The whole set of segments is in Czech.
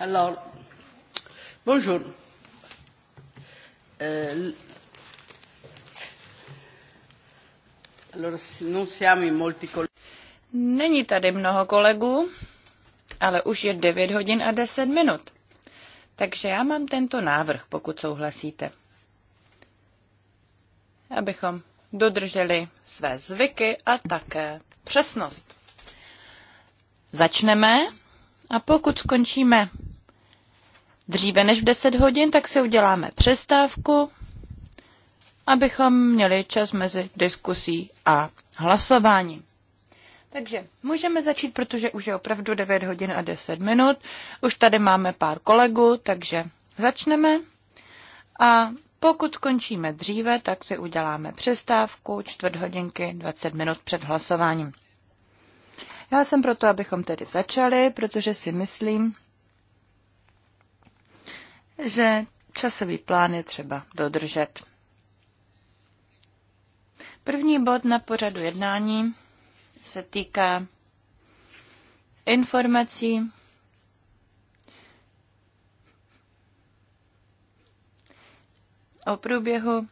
Alors, bonjour. Euh, Není tady mnoho kolegů, ale už je 9 hodin a 10 minut. Takže já mám tento návrh, pokud souhlasíte. Abychom dodrželi své zvyky a také přesnost. Začneme a pokud skončíme dříve než v 10 hodin, tak si uděláme přestávku, abychom měli čas mezi diskusí a hlasováním. Takže můžeme začít, protože už je opravdu 9 hodin a 10 minut. Už tady máme pár kolegů, takže začneme. A pokud končíme dříve, tak si uděláme přestávku čtvrt hodinky 20 minut před hlasováním. Já jsem proto, abychom tedy začali, protože si myslím, že časový plán je třeba dodržet. První bod na pořadu jednání se týká informací o průběhu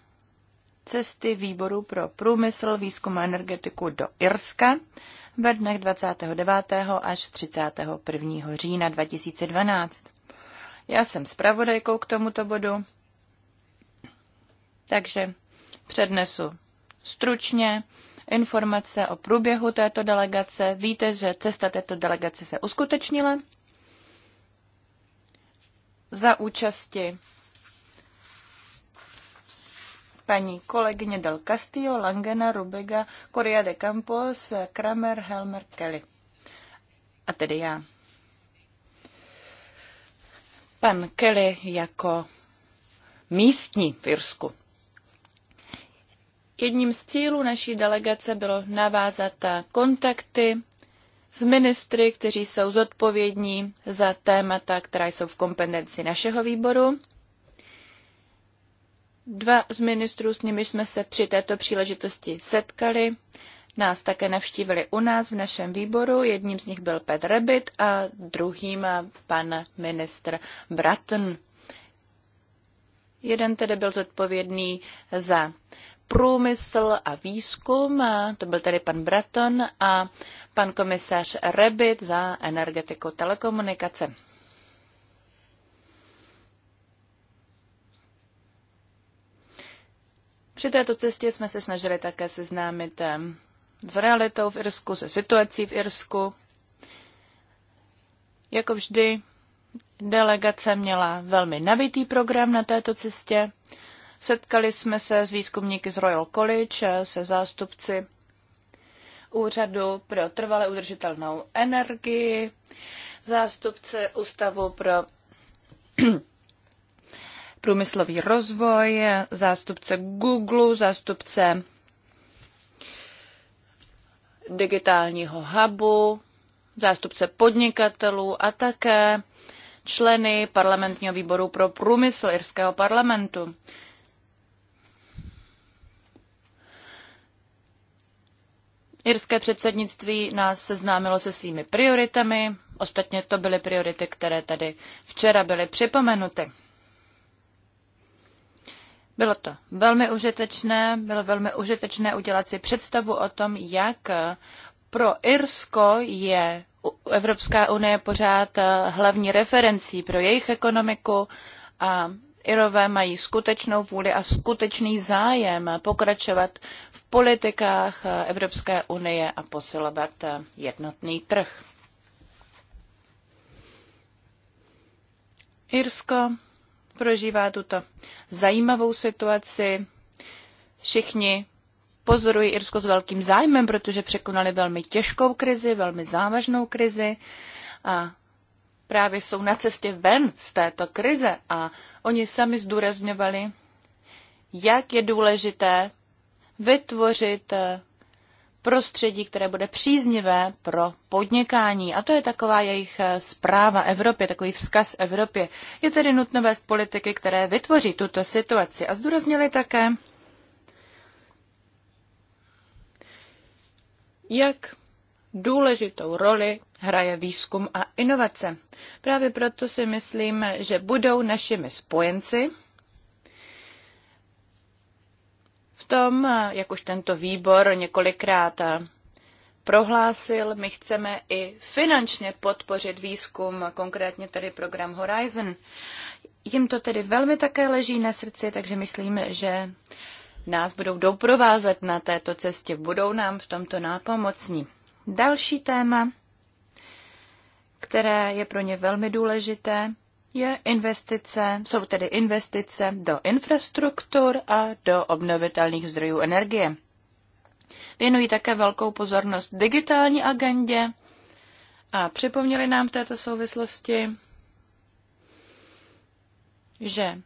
cesty výboru pro průmysl, výzkum a energetiku do Irska ve dnech 29. až 31. října 2012. Já jsem zpravodajkou k tomuto bodu, takže přednesu stručně informace o průběhu této delegace. Víte, že cesta této delegace se uskutečnila za účasti paní kolegyně Del Castillo, Langena, Rubega, Correa de Campos, Kramer, Helmer, Kelly. A tedy já pan Kelly jako místní v Irsku. Jedním z cílů naší delegace bylo navázat kontakty s ministry, kteří jsou zodpovědní za témata, která jsou v kompetenci našeho výboru. Dva z ministrů, s nimi jsme se při této příležitosti setkali, nás také navštívili u nás v našem výboru. Jedním z nich byl Petr Rebit a druhým pan ministr Bratn. Jeden tedy byl zodpovědný za průmysl a výzkum, a to byl tedy pan Braton a pan komisař Rebit za energetiku telekomunikace. Při této cestě jsme se snažili také seznámit eh, s realitou v Irsku, se situací v Irsku. Jako vždy, delegace měla velmi nabitý program na této cestě. Setkali jsme se s výzkumníky z Royal College, se zástupci Úřadu pro trvale udržitelnou energii, zástupce Ústavu pro průmyslový rozvoj, zástupce Google, zástupce digitálního hubu, zástupce podnikatelů a také členy parlamentního výboru pro průmysl irského parlamentu. Irské předsednictví nás seznámilo se svými prioritami, ostatně to byly priority, které tady včera byly připomenuty. Bylo to velmi užitečné, bylo velmi užitečné udělat si představu o tom, jak eh, pro Irsko je Evropská unie pořád eh, hlavní referencí pro jejich ekonomiku a Irové mají skutečnou vůli a skutečný zájem pokračovat v politikách eh, Evropské unie a posilovat jednotný trh. Irsko prožívá tuto zajímavou situaci. Všichni pozorují Irsko s velkým zájmem, protože překonali velmi těžkou krizi, velmi závažnou krizi a právě jsou na cestě ven z této krize a oni sami zdůrazňovali, jak je důležité vytvořit eh, prostředí, které bude příznivé pro podnikání. A to je taková jejich eh, zpráva Evropě, takový vzkaz Evropě. Je tedy nutné vést politiky, které vytvoří tuto situaci. A zdůraznili také, jak důležitou roli hraje výzkum a inovace. Právě proto si myslím, že budou našimi spojenci tom, eh, jak už tento výbor několikrát eh, prohlásil, my chceme i finančně podpořit výzkum, konkrétně tedy program Horizon. Jim to tedy velmi také leží na srdci, takže myslím, že nás budou doprovázet na této cestě, budou nám v tomto nápomocní. Další téma, které je pro ně velmi důležité, je investice, jsou tedy investice do infrastruktur a do obnovitelných zdrojů energie. Věnují také velkou pozornost digitální agendě a připomněli nám v této souvislosti, že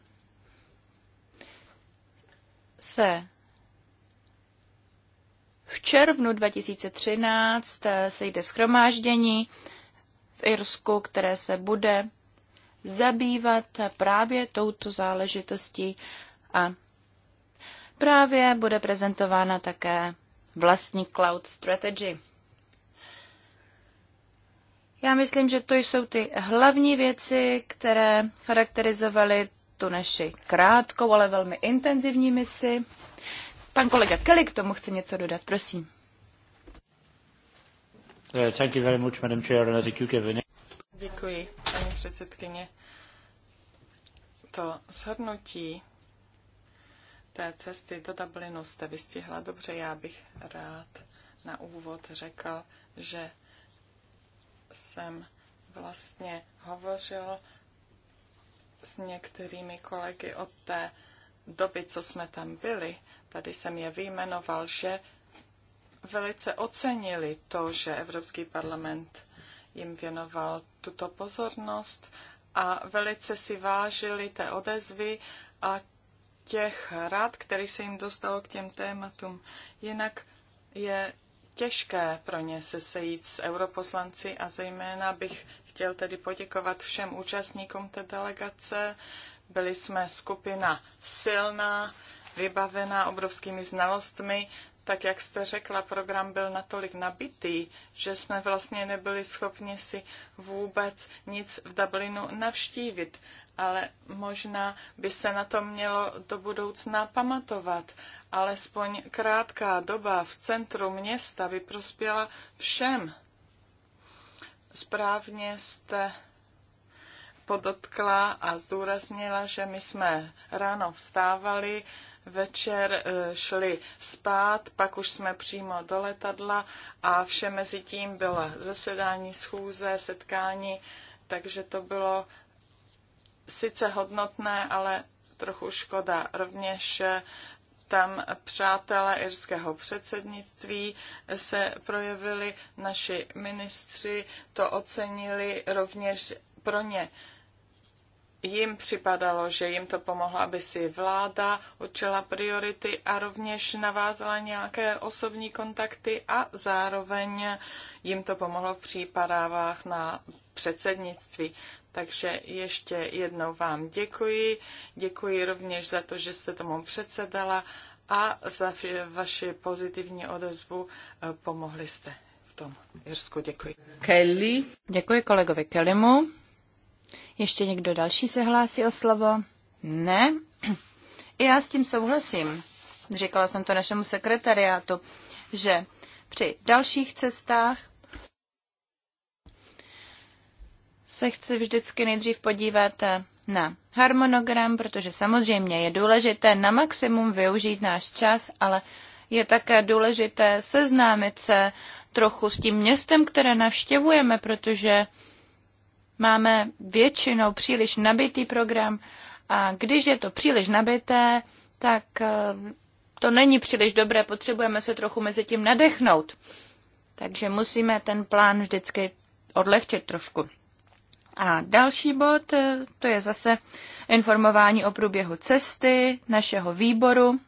se v červnu 2013 eh, sejde schromáždění v Irsku, které se bude zabývat právě touto záležitostí a právě bude prezentována také vlastní cloud strategy. Já myslím, že to jsou ty hlavní věci, které charakterizovaly tu naši krátkou, ale velmi intenzivní misi. Pan kolega Kelly k tomu chce něco dodat, prosím. Thank you very much, madam chair, and Děkuji, paní předsedkyně. To shodnutí té cesty do Dublinu jste vystihla dobře. Já bych rád na úvod řekl, že jsem vlastně hovořil s některými kolegy od té doby, co jsme tam byli. Tady jsem je vyjmenoval, že velice ocenili to, že Evropský parlament jim věnoval tuto pozornost a velice si vážili té odezvy a těch rad, který se jim dostalo k těm tématům. Jinak je těžké pro ně se sejít s europoslanci a zejména bych chtěl tedy poděkovat všem účastníkům té delegace. Byli jsme skupina silná, vybavená obrovskými znalostmi, tak jak jste řekla, program byl natolik nabitý, že jsme vlastně nebyli schopni si vůbec nic v Dublinu navštívit. Ale možná by se na to mělo do budoucna pamatovat. Alespoň krátká doba v centru města by prospěla všem. Správně jste podotkla a zdůraznila, že my jsme ráno vstávali, večer eh, šli spát, pak už jsme přímo do letadla a vše mezi tím bylo zasedání, schůze, setkání, takže to bylo sice hodnotné, ale trochu škoda. Rovněž eh, tam přátelé irského předsednictví eh, se projevili, naši ministři to ocenili rovněž pro ně jim připadalo, že jim to pomohlo, aby si vláda určila priority a rovněž navázala nějaké osobní kontakty a zároveň jim to pomohlo v přípravách na předsednictví. Takže ještě jednou vám děkuji. Děkuji rovněž za to, že jste tomu předsedala a za vaši pozitivní odezvu eh, pomohli jste v tom. Jirsku děkuji. Kelly. Děkuji kolegovi Kellymu. Ještě někdo další se hlásí o slovo? Ne? I já s tím souhlasím. Říkala jsem to našemu sekretariátu, že při dalších cestách se chci vždycky nejdřív podívat na harmonogram, protože samozřejmě je důležité na maximum využít náš čas, ale je také důležité seznámit se trochu s tím městem, které navštěvujeme, protože Máme většinou příliš nabitý program a když je to příliš nabité, tak eh, to není příliš dobré, potřebujeme se trochu mezi tím nadechnout. Takže musíme ten plán vždycky odlehčit trošku. A další bod, eh, to je zase informování o průběhu cesty našeho výboru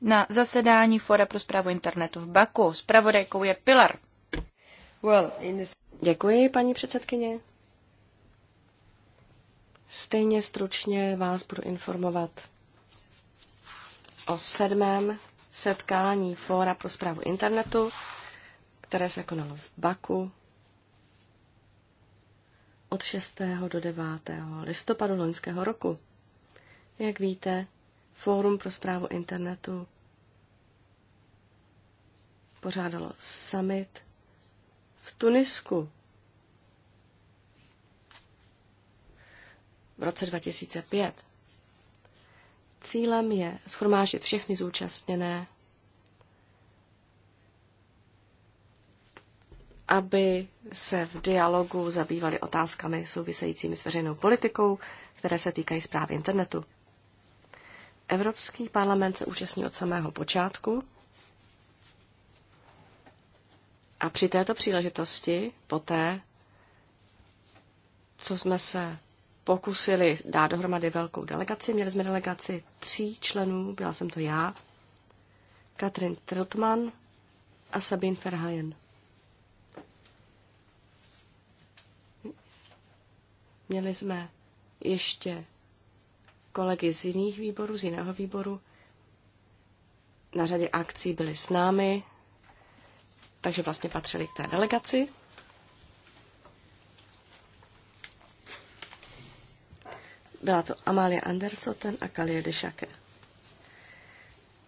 na zasedání Fora pro zprávu internetu v Baku. Spravodajkou je Pilar. Well, in this... Děkuji, paní předsedkyně. Stejně stručně vás budu informovat o sedmém setkání Fóra pro zprávu internetu, které se konalo v Baku od 6. do 9. listopadu loňského roku. Jak víte, Fórum pro zprávu internetu pořádalo summit v Tunisku v roce 2005. Cílem je schromážit všechny zúčastněné, aby se v dialogu zabývali otázkami souvisejícími s veřejnou politikou, které se týkají zpráv internetu. Evropský parlament se účastní od samého počátku a při této příležitosti, poté, co jsme se pokusili dát dohromady velkou delegaci, měli jsme delegaci tří členů, byla jsem to já, Katrin Trotman a Sabine Ferhajen. Měli jsme ještě kolegy z jiných výborů, z jiného výboru. Na řadě akcí byli s námi, takže vlastně patřili k té delegaci. Byla to Amalia Andersoten a Kalie Dešake.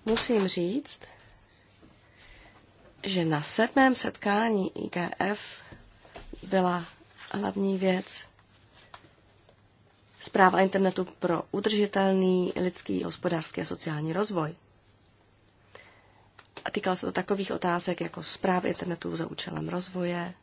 Musím říct, že na sedmém setkání IGF byla hlavní věc zpráva internetu pro udržitelný lidský, hospodářský a sociální rozvoj. A týkalo se to takových otázek jako zpráv internetu za účelem rozvoje,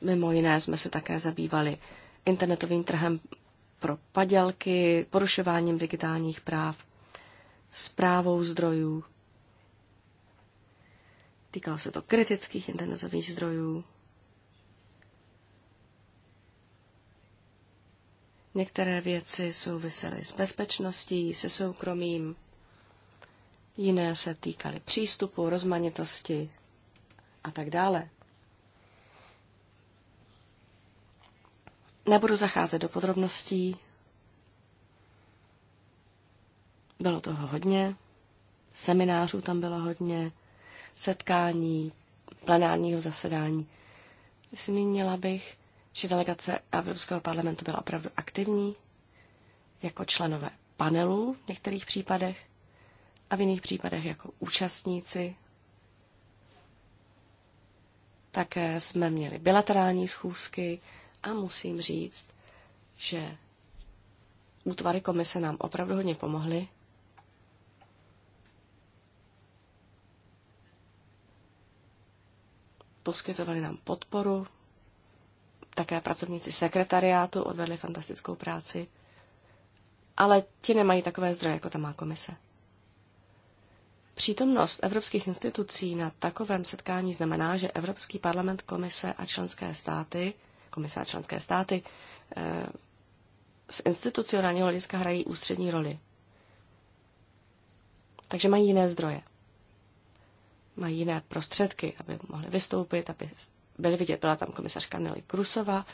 Mimo jiné jsme se také zabývali internetovým trhem pro padělky, porušováním digitálních práv, zprávou zdrojů. Týkalo se to kritických internetových zdrojů. Některé věci souvisely s bezpečností, se soukromím, jiné se týkaly přístupu, rozmanitosti a tak dále. Nebudu zacházet do podrobností. Bylo toho hodně, seminářů tam bylo hodně, setkání, plenárního zasedání. Zmínila bych že delegace Evropského parlamentu byla opravdu aktivní, jako členové panelů v některých případech a v jiných případech jako účastníci. Také jsme měli bilaterální schůzky a musím říct, že útvary komise nám opravdu hodně pomohly. Poskytovali nám podporu také pracovníci sekretariátu odvedli fantastickou práci, ale ti nemají takové zdroje, jako tam má komise. Přítomnost evropských institucí na takovém setkání znamená, že Evropský parlament, komise a členské státy, komise a členské státy eh, z institucionálního hlediska hrají ústřední roli. Takže mají jiné zdroje. Mají jiné prostředky, aby mohli vystoupit, aby byli vidět, byla tam komisařka Nelly Krusova.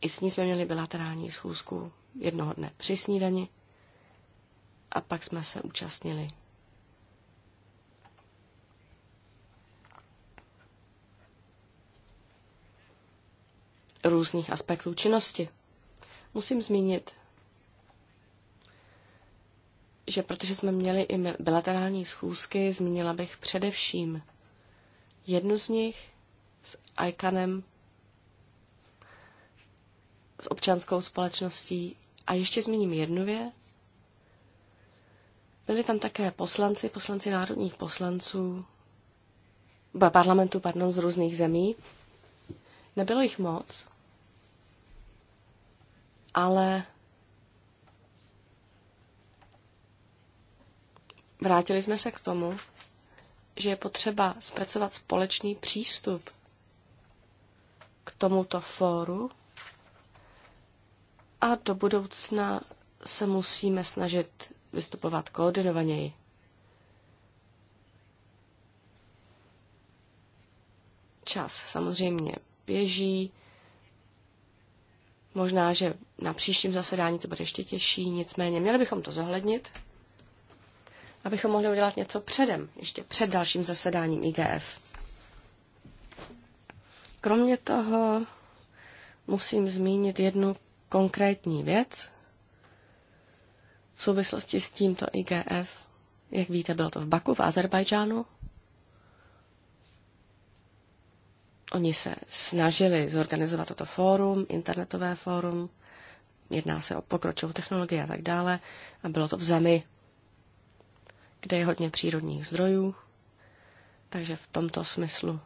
I s ní jsme měli bilaterální schůzku jednoho dne při snídani. A pak jsme se účastnili různých aspektů činnosti. Musím zmínit, že protože jsme měli i bilaterální schůzky, zmínila bych především jednu z nich, ICANem, s občanskou společností. A ještě zmíním jednu věc. Byli tam také poslanci, poslanci národních poslanců, parlamentu, pardon, z různých zemí. Nebylo jich moc, ale vrátili jsme se k tomu, že je potřeba zpracovat společný přístup k tomuto fóru a do budoucna se musíme snažit vystupovat koordinovaněji. Čas samozřejmě běží. Možná, že na příštím zasedání to bude ještě těžší, nicméně měli bychom to zohlednit, abychom mohli udělat něco předem, ještě před dalším zasedáním IGF. Kromě toho musím zmínit jednu konkrétní věc v souvislosti s tímto IGF. Jak víte, bylo to v Baku v Azerbajdžánu. Oni se snažili zorganizovat toto fórum, internetové fórum, jedná se o pokročilou technologii a tak dále, a bylo to v zemi, kde je hodně přírodních zdrojů, takže v tomto smyslu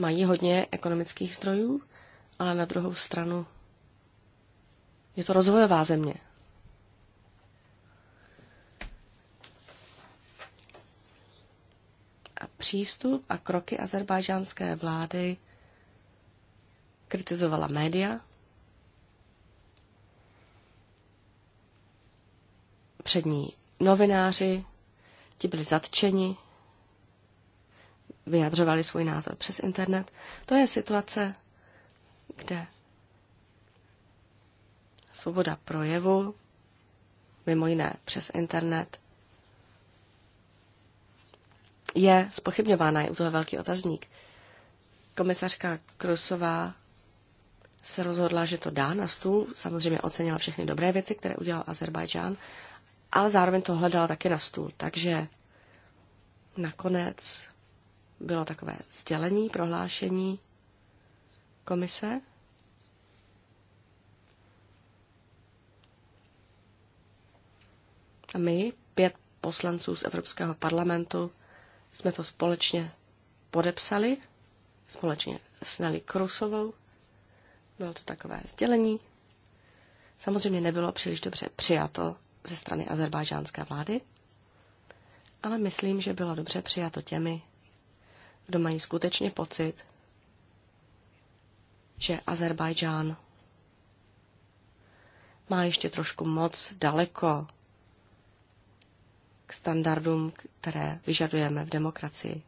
mají hodně ekonomických zdrojů, ale na druhou stranu je to rozvojová země. A přístup a kroky azerbajžánské vlády kritizovala média, přední novináři, ti byli zatčeni, vyjadřovali svůj názor přes internet. To je situace, kde svoboda projevu, mimo jiné přes internet, je spochybňována, je u toho velký otazník. Komisařka Krusová se rozhodla, že to dá na stůl, samozřejmě ocenila všechny dobré věci, které udělal Azerbajdžán, ale zároveň to hledala taky na stůl. Takže nakonec bylo takové sdělení, prohlášení komise. A my, pět poslanců z Evropského parlamentu, jsme to společně podepsali, společně s Nelly Krusovou. Bylo to takové sdělení. Samozřejmě nebylo příliš dobře přijato ze strany azerbajdžánské vlády, ale myslím, že bylo dobře přijato těmi, kdo mají skutečně pocit, že Azerbajdžán má ještě trošku moc daleko k standardům, které vyžadujeme v demokracii,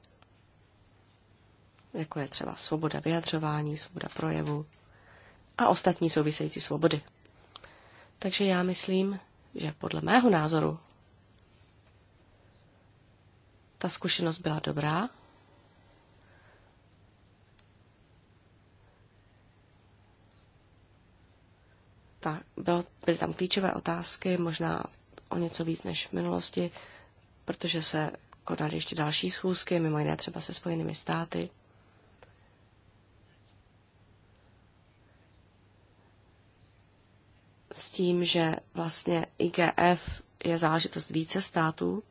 jako je třeba svoboda vyjadřování, svoboda projevu a ostatní související svobody. Takže já myslím, že podle mého názoru ta zkušenost byla dobrá, ta, bylo, byly tam klíčové otázky, možná o něco víc než v minulosti, protože se konaly ještě další schůzky, mimo jiné třeba se Spojenými státy. S tím, že vlastně IGF je záležitost více států,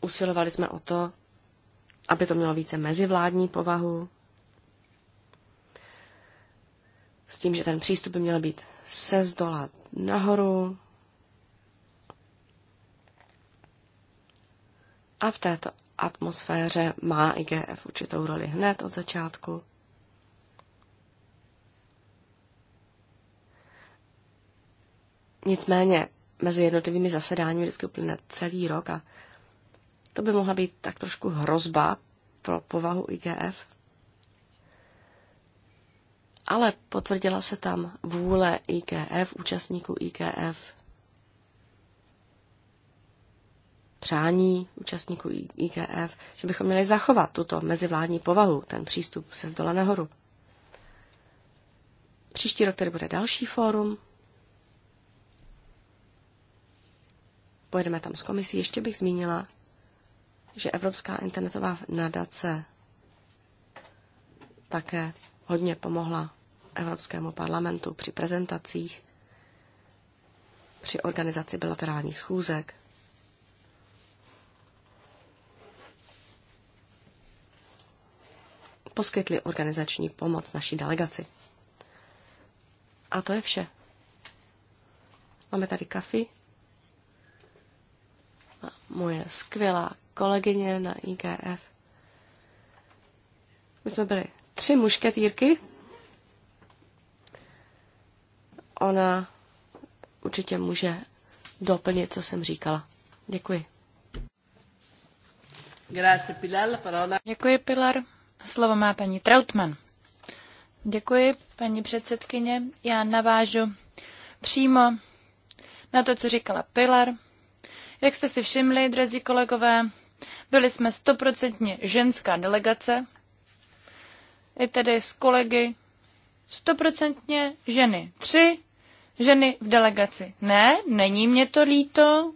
usilovali jsme o to, aby to mělo více mezivládní povahu, s tím, že ten přístup by měl být se zdola nahoru. A v této atmosféře má IGF určitou roli hned od začátku. Nicméně mezi jednotlivými zasedáními vždycky uplyne celý rok a to by mohla být tak trošku hrozba pro povahu IGF ale potvrdila se tam vůle IKF, účastníků IKF, přání účastníků IKF, že bychom měli zachovat tuto mezivládní povahu, ten přístup se zdola nahoru. Příští rok tady bude další fórum. Pojedeme tam s komisí. Ještě bych zmínila, že Evropská internetová nadace také hodně pomohla Evropskému parlamentu při prezentacích, při organizaci bilaterálních schůzek. Poskytli organizační pomoc naší delegaci. A to je vše. Máme tady A Moje skvělá kolegyně na IGF. My jsme byli tři mušketýrky. Ona určitě může doplnit, co jsem říkala. Děkuji. Děkuji, Pilar. Slovo má paní Trautmann. Děkuji, paní předsedkyně. Já navážu přímo na to, co říkala Pilar. Jak jste si všimli, drazí kolegové, byli jsme stoprocentně ženská delegace, i tedy s kolegy stoprocentně ženy. Tři ženy v delegaci. Ne, není mě to líto,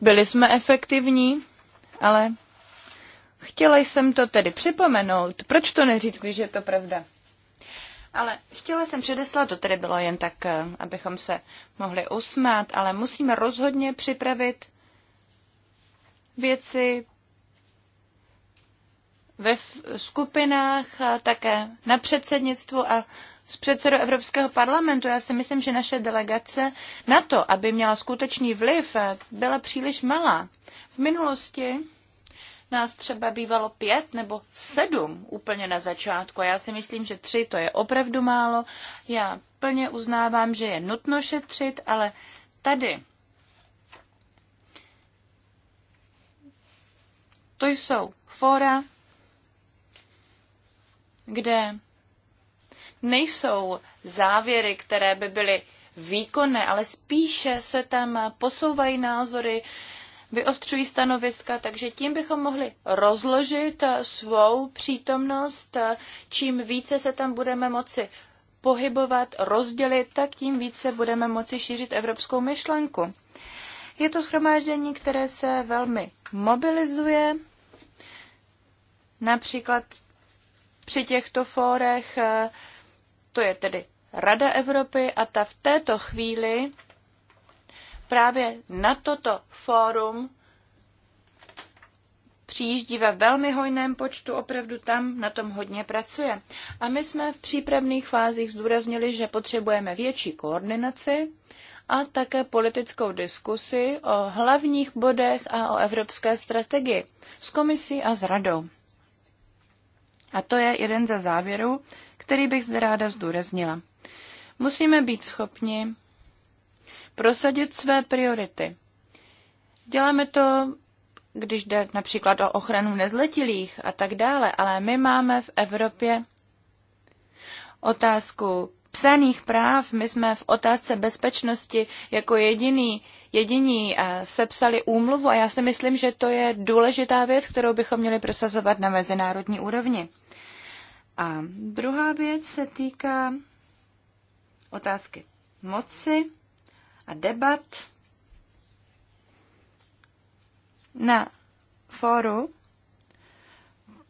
byli jsme efektivní, ale chtěla jsem to tedy připomenout. Proč to neříct, když je to pravda? Ale chtěla jsem předeslat, to tedy bylo jen tak, eh, abychom se mohli usmát, ale musíme rozhodně připravit věci ve skupinách, také na předsednictvu a s předsedou Evropského parlamentu. Já si myslím, že naše delegace na to, aby měla skutečný vliv, byla příliš malá. V minulosti nás třeba bývalo pět nebo sedm úplně na začátku. Já si myslím, že tři to je opravdu málo. Já plně uznávám, že je nutno šetřit, ale tady to jsou fora kde nejsou závěry, které by byly výkonné, ale spíše se tam posouvají názory, vyostřují stanoviska, takže tím bychom mohli rozložit svou přítomnost. Čím více se tam budeme moci pohybovat, rozdělit, tak tím více budeme moci šířit evropskou myšlenku. Je to schromáždění, které se velmi mobilizuje, například při těchto fórech, eh, to je tedy Rada Evropy a ta v této chvíli právě na toto fórum přijíždí ve velmi hojném počtu, opravdu tam na tom hodně pracuje. A my jsme v přípravných fázích zdůraznili, že potřebujeme větší koordinaci a také politickou diskusi o hlavních bodech a o evropské strategii s komisí a s radou. A to je jeden ze závěrů, který bych zde ráda zdůraznila. Musíme být schopni prosadit své priority. Děláme to, když jde například o ochranu nezletilých a tak dále, ale my máme v Evropě otázku psaných práv. My jsme v otázce bezpečnosti jako jediný, jediní eh, sepsali úmluvu a já si myslím, že to je důležitá věc, kterou bychom měli prosazovat na mezinárodní úrovni. A druhá věc se týká otázky moci a debat na fóru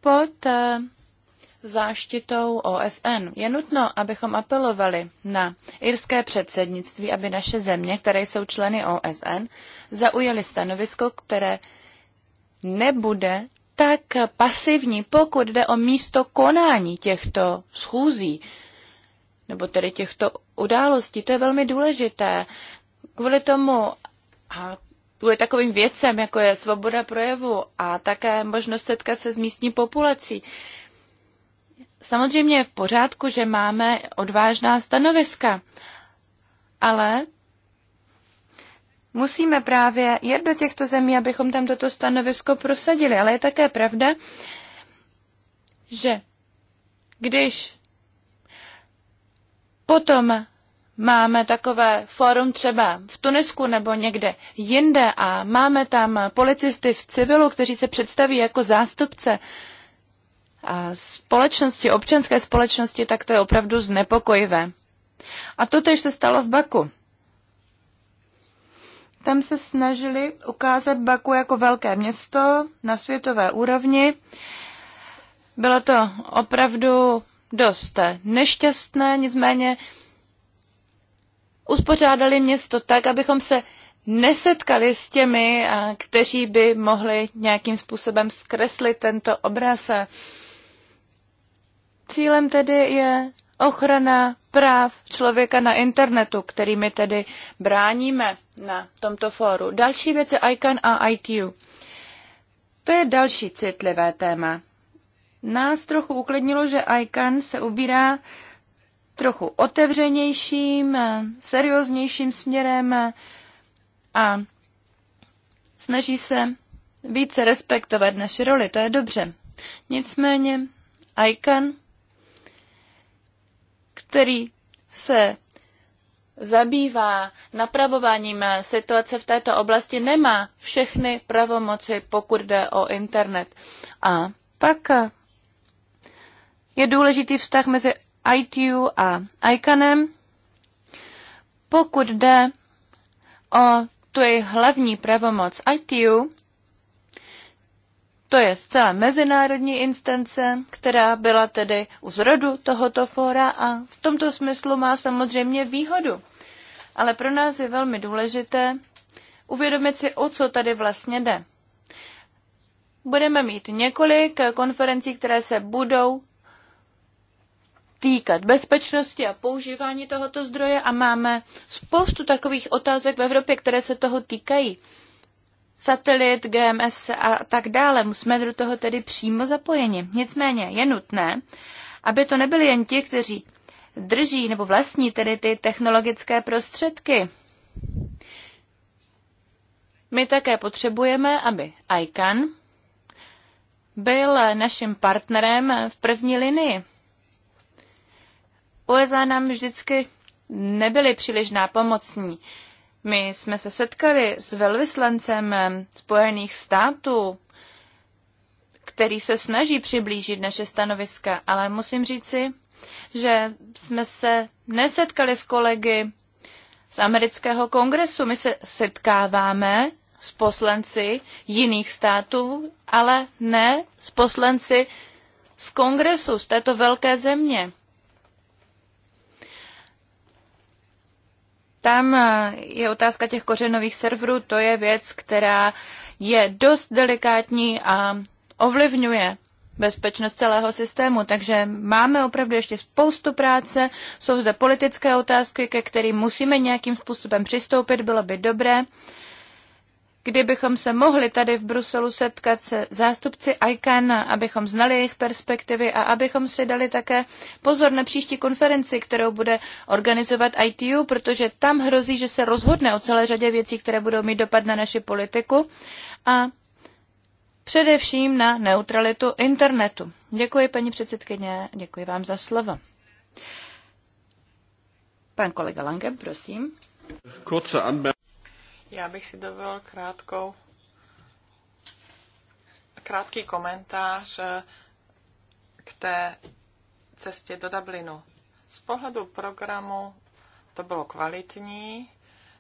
pod eh, záštitou OSN. Je nutno, abychom apelovali na irské předsednictví, aby naše země, které jsou členy OSN, zaujaly stanovisko, které nebude tak pasivní, pokud jde o místo konání těchto schůzí, nebo tedy těchto událostí. To je velmi důležité. Kvůli tomu a kvůli takovým věcem, jako je svoboda projevu a také možnost setkat se s místní populací. Samozřejmě je v pořádku, že máme odvážná stanoviska, ale musíme právě jet do těchto zemí, abychom tam toto stanovisko prosadili. Ale je také pravda, že když potom máme takové fórum třeba v Tunisku nebo někde jinde a máme tam policisty v civilu, kteří se představí jako zástupce a společnosti, občanské společnosti, tak to je opravdu znepokojivé. A to tež se stalo v Baku. Tam se snažili ukázat Baku jako velké město na světové úrovni. Bylo to opravdu dost nešťastné, nicméně uspořádali město tak, abychom se nesetkali s těmi, kteří by mohli nějakým způsobem zkreslit tento obraz. Cílem tedy je ochrana práv člověka na internetu, kterými tedy bráníme na tomto fóru. Další věc je ICANN a ITU. To je další citlivé téma. Nás trochu uklidnilo, že ICANN se ubírá trochu otevřenějším, serióznějším směrem a snaží se více respektovat naše roli. To je dobře. Nicméně ICANN který se zabývá napravováním situace v této oblasti, nemá všechny pravomoci, pokud jde o internet. A pak je důležitý vztah mezi ITU a ICANem, pokud jde o tu jejich hlavní pravomoc ITU, to je zcela mezinárodní instance, která byla tedy u zrodu tohoto fóra a v tomto smyslu má samozřejmě výhodu. Ale pro nás je velmi důležité uvědomit si, o co tady vlastně jde. Budeme mít několik konferencí, které se budou týkat bezpečnosti a používání tohoto zdroje a máme spoustu takových otázek v Evropě, které se toho týkají satelit, GMS a tak dále. Musíme do toho tedy přímo zapojeni. Nicméně je nutné, aby to nebyli jen ti, kteří drží nebo vlastní tedy ty technologické prostředky. My také potřebujeme, aby ICANN byl naším partnerem v první linii. USA nám vždycky nebyly příliš nápomocní. My jsme se setkali s velvyslancem eh, Spojených států, který se snaží přiblížit naše stanoviska, ale musím říci, že jsme se nesetkali s kolegy z amerického kongresu. My se setkáváme s poslanci jiných států, ale ne s poslanci z kongresu, z této velké země. Tam eh, je otázka těch kořenových serverů, to je věc, která je dost delikátní a ovlivňuje bezpečnost celého systému. Takže máme opravdu ještě spoustu práce, jsou zde politické otázky, ke kterým musíme nějakým způsobem přistoupit, bylo by dobré, kdybychom se mohli tady v Bruselu setkat se zástupci ICAN, abychom znali jejich perspektivy a abychom si dali také pozor na příští konferenci, kterou bude organizovat ITU, protože tam hrozí, že se rozhodne o celé řadě věcí, které budou mít dopad na naši politiku a především na neutralitu internetu. Děkuji, paní předsedkyně, děkuji vám za slovo. Pan kolega Lange, prosím. Kurze já bych si dovolil krátkou, krátký komentář eh, k té cestě do Dublinu. Z pohledu programu to bylo kvalitní,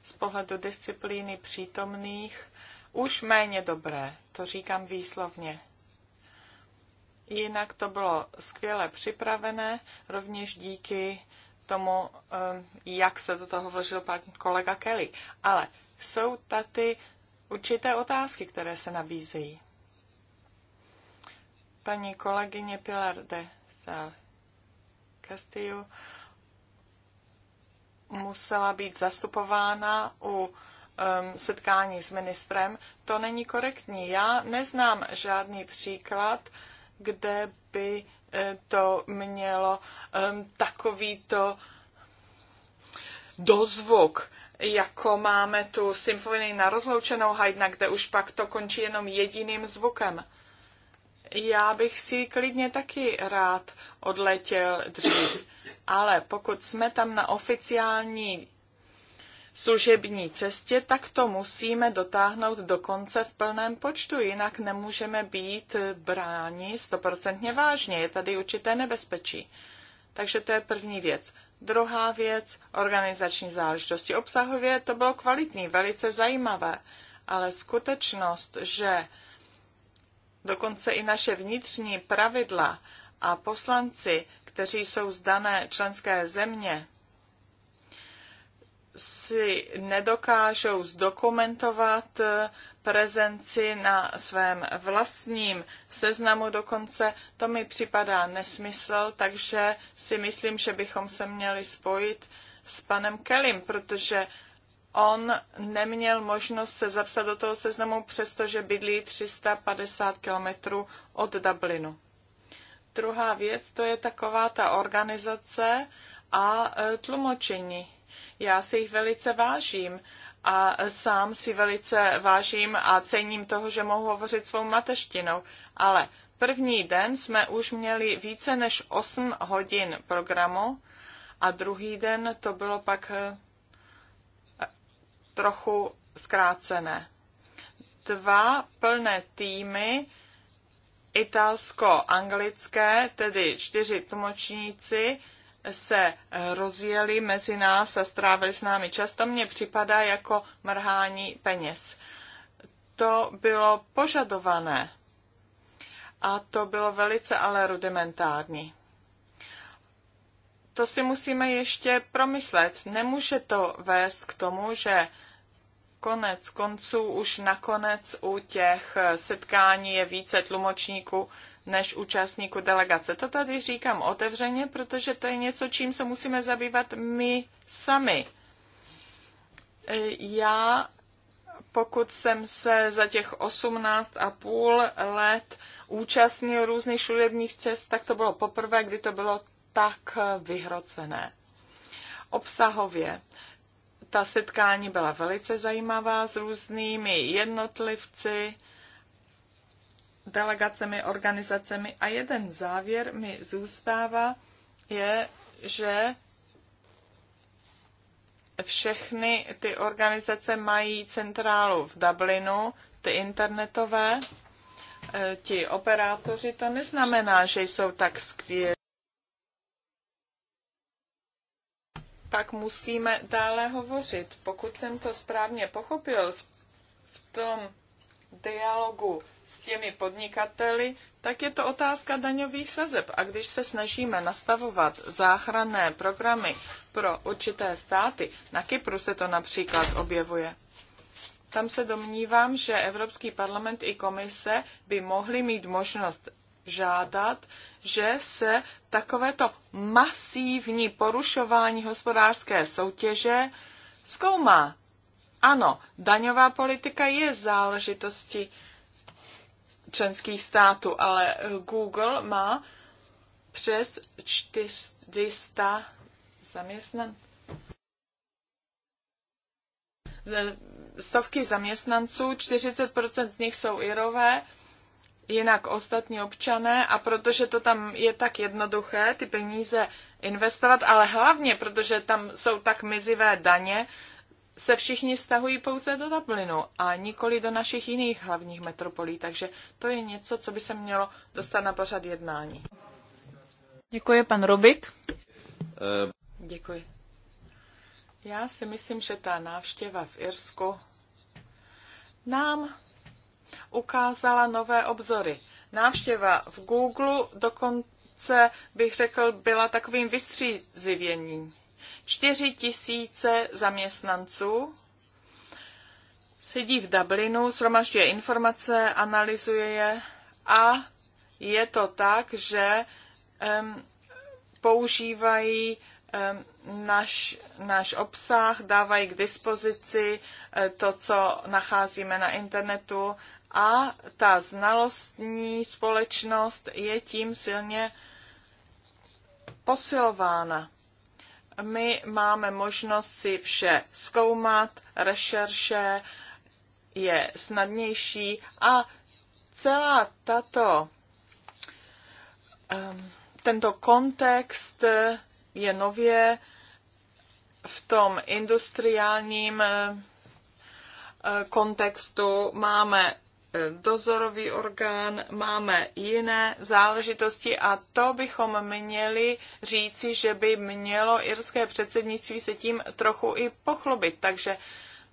z pohledu disciplíny přítomných už méně dobré, to říkám výslovně. Jinak to bylo skvěle připravené, rovněž díky tomu, eh, jak se do toho vložil pan kolega Kelly. Ale jsou tady určité otázky, které se nabízejí. Paní kolegyně Pilar de Sal Castillo musela být zastupována u um, setkání s ministrem, to není korektní. Já neznám žádný příklad, kde by eh, to mělo um, takovýto dozvuk jako máme tu symfonii na rozloučenou Haydna, kde už pak to končí jenom jediným zvukem. Já bych si klidně taky rád odletěl dřív, ale pokud jsme tam na oficiální služební cestě, tak to musíme dotáhnout do konce v plném počtu, jinak nemůžeme být bráni stoprocentně vážně. Je tady určité nebezpečí. Takže to je první věc. Druhá věc, organizační záležitosti. Obsahově to bylo kvalitní, velice zajímavé, ale skutečnost, že dokonce i naše vnitřní pravidla a poslanci, kteří jsou z dané členské země, si nedokážou zdokumentovat prezenci na svém vlastním seznamu dokonce, to mi připadá nesmysl, takže si myslím, že bychom se měli spojit s panem Kelim, protože on neměl možnost se zapsat do toho seznamu, přestože bydlí 350 kilometrů od Dublinu. Druhá věc, to je taková ta organizace a tlumočení já si jich velice vážím a sám si velice vážím a cením toho, že mohu hovořit svou mateštinou. Ale první den jsme už měli více než 8 hodin programu a druhý den to bylo pak eh, trochu zkrácené. Dva plné týmy, italsko-anglické, tedy čtyři tlumočníci, se rozjeli mezi nás a strávili s námi čas, to mně připadá jako mrhání peněz. To bylo požadované a to bylo velice ale rudimentární. To si musíme ještě promyslet. Nemůže to vést k tomu, že konec konců už nakonec u těch setkání je více tlumočníků než účastníků delegace. To tady říkám otevřeně, protože to je něco, čím se musíme zabývat my sami. E, já, pokud jsem se za těch 18 a půl let účastnil různých šulebních cest, tak to bylo poprvé, kdy to bylo tak vyhrocené. Obsahově ta setkání byla velice zajímavá s různými jednotlivci, delegacemi, organizacemi. A jeden závěr mi zůstává, je, že všechny ty organizace mají centrálu v Dublinu, ty internetové, e, ti operátoři, to neznamená, že jsou tak skvělí. Tak musíme dále hovořit. Pokud jsem to správně pochopil, v, v tom dialogu s těmi podnikateli, tak je to otázka daňových sazeb. A když se snažíme nastavovat záchranné programy pro určité státy, na Kypru se to například objevuje, tam se domnívám, že Evropský parlament i komise by mohly mít možnost žádat, že se takovéto masívní porušování hospodářské soutěže zkoumá. Ano, daňová politika je záležitosti členských států, ale Google má přes 400 zaměstnanců. Stovky zaměstnanců, 40% z nich jsou Irové, jinak ostatní občané a protože to tam je tak jednoduché, ty peníze investovat, ale hlavně, protože tam jsou tak mizivé daně, se všichni stahují pouze do Dublinu a nikoli do našich jiných hlavních metropolí, takže to je něco, co by se mělo dostat na pořad jednání. Děkuji, pan Rubik. Eh. Děkuji. Já si myslím, že ta návštěva v Irsku nám ukázala nové obzory. Návštěva v Google dokonce, bych řekl, byla takovým vystřízivěním 4 tisíce zaměstnanců sedí v Dublinu, shromažďuje informace, analyzuje je a je to tak, že um, používají um, náš, náš obsah, dávají k dispozici e, to, co nacházíme na internetu a ta znalostní společnost je tím silně posilována my máme možnost si vše zkoumat, rešerše je snadnější a celá tato, ehm, tento kontext je nově v tom industriálním eh, eh, kontextu máme dozorový orgán, máme jiné záležitosti a to bychom měli říci, že by mělo irské předsednictví se tím trochu i pochlubit. Takže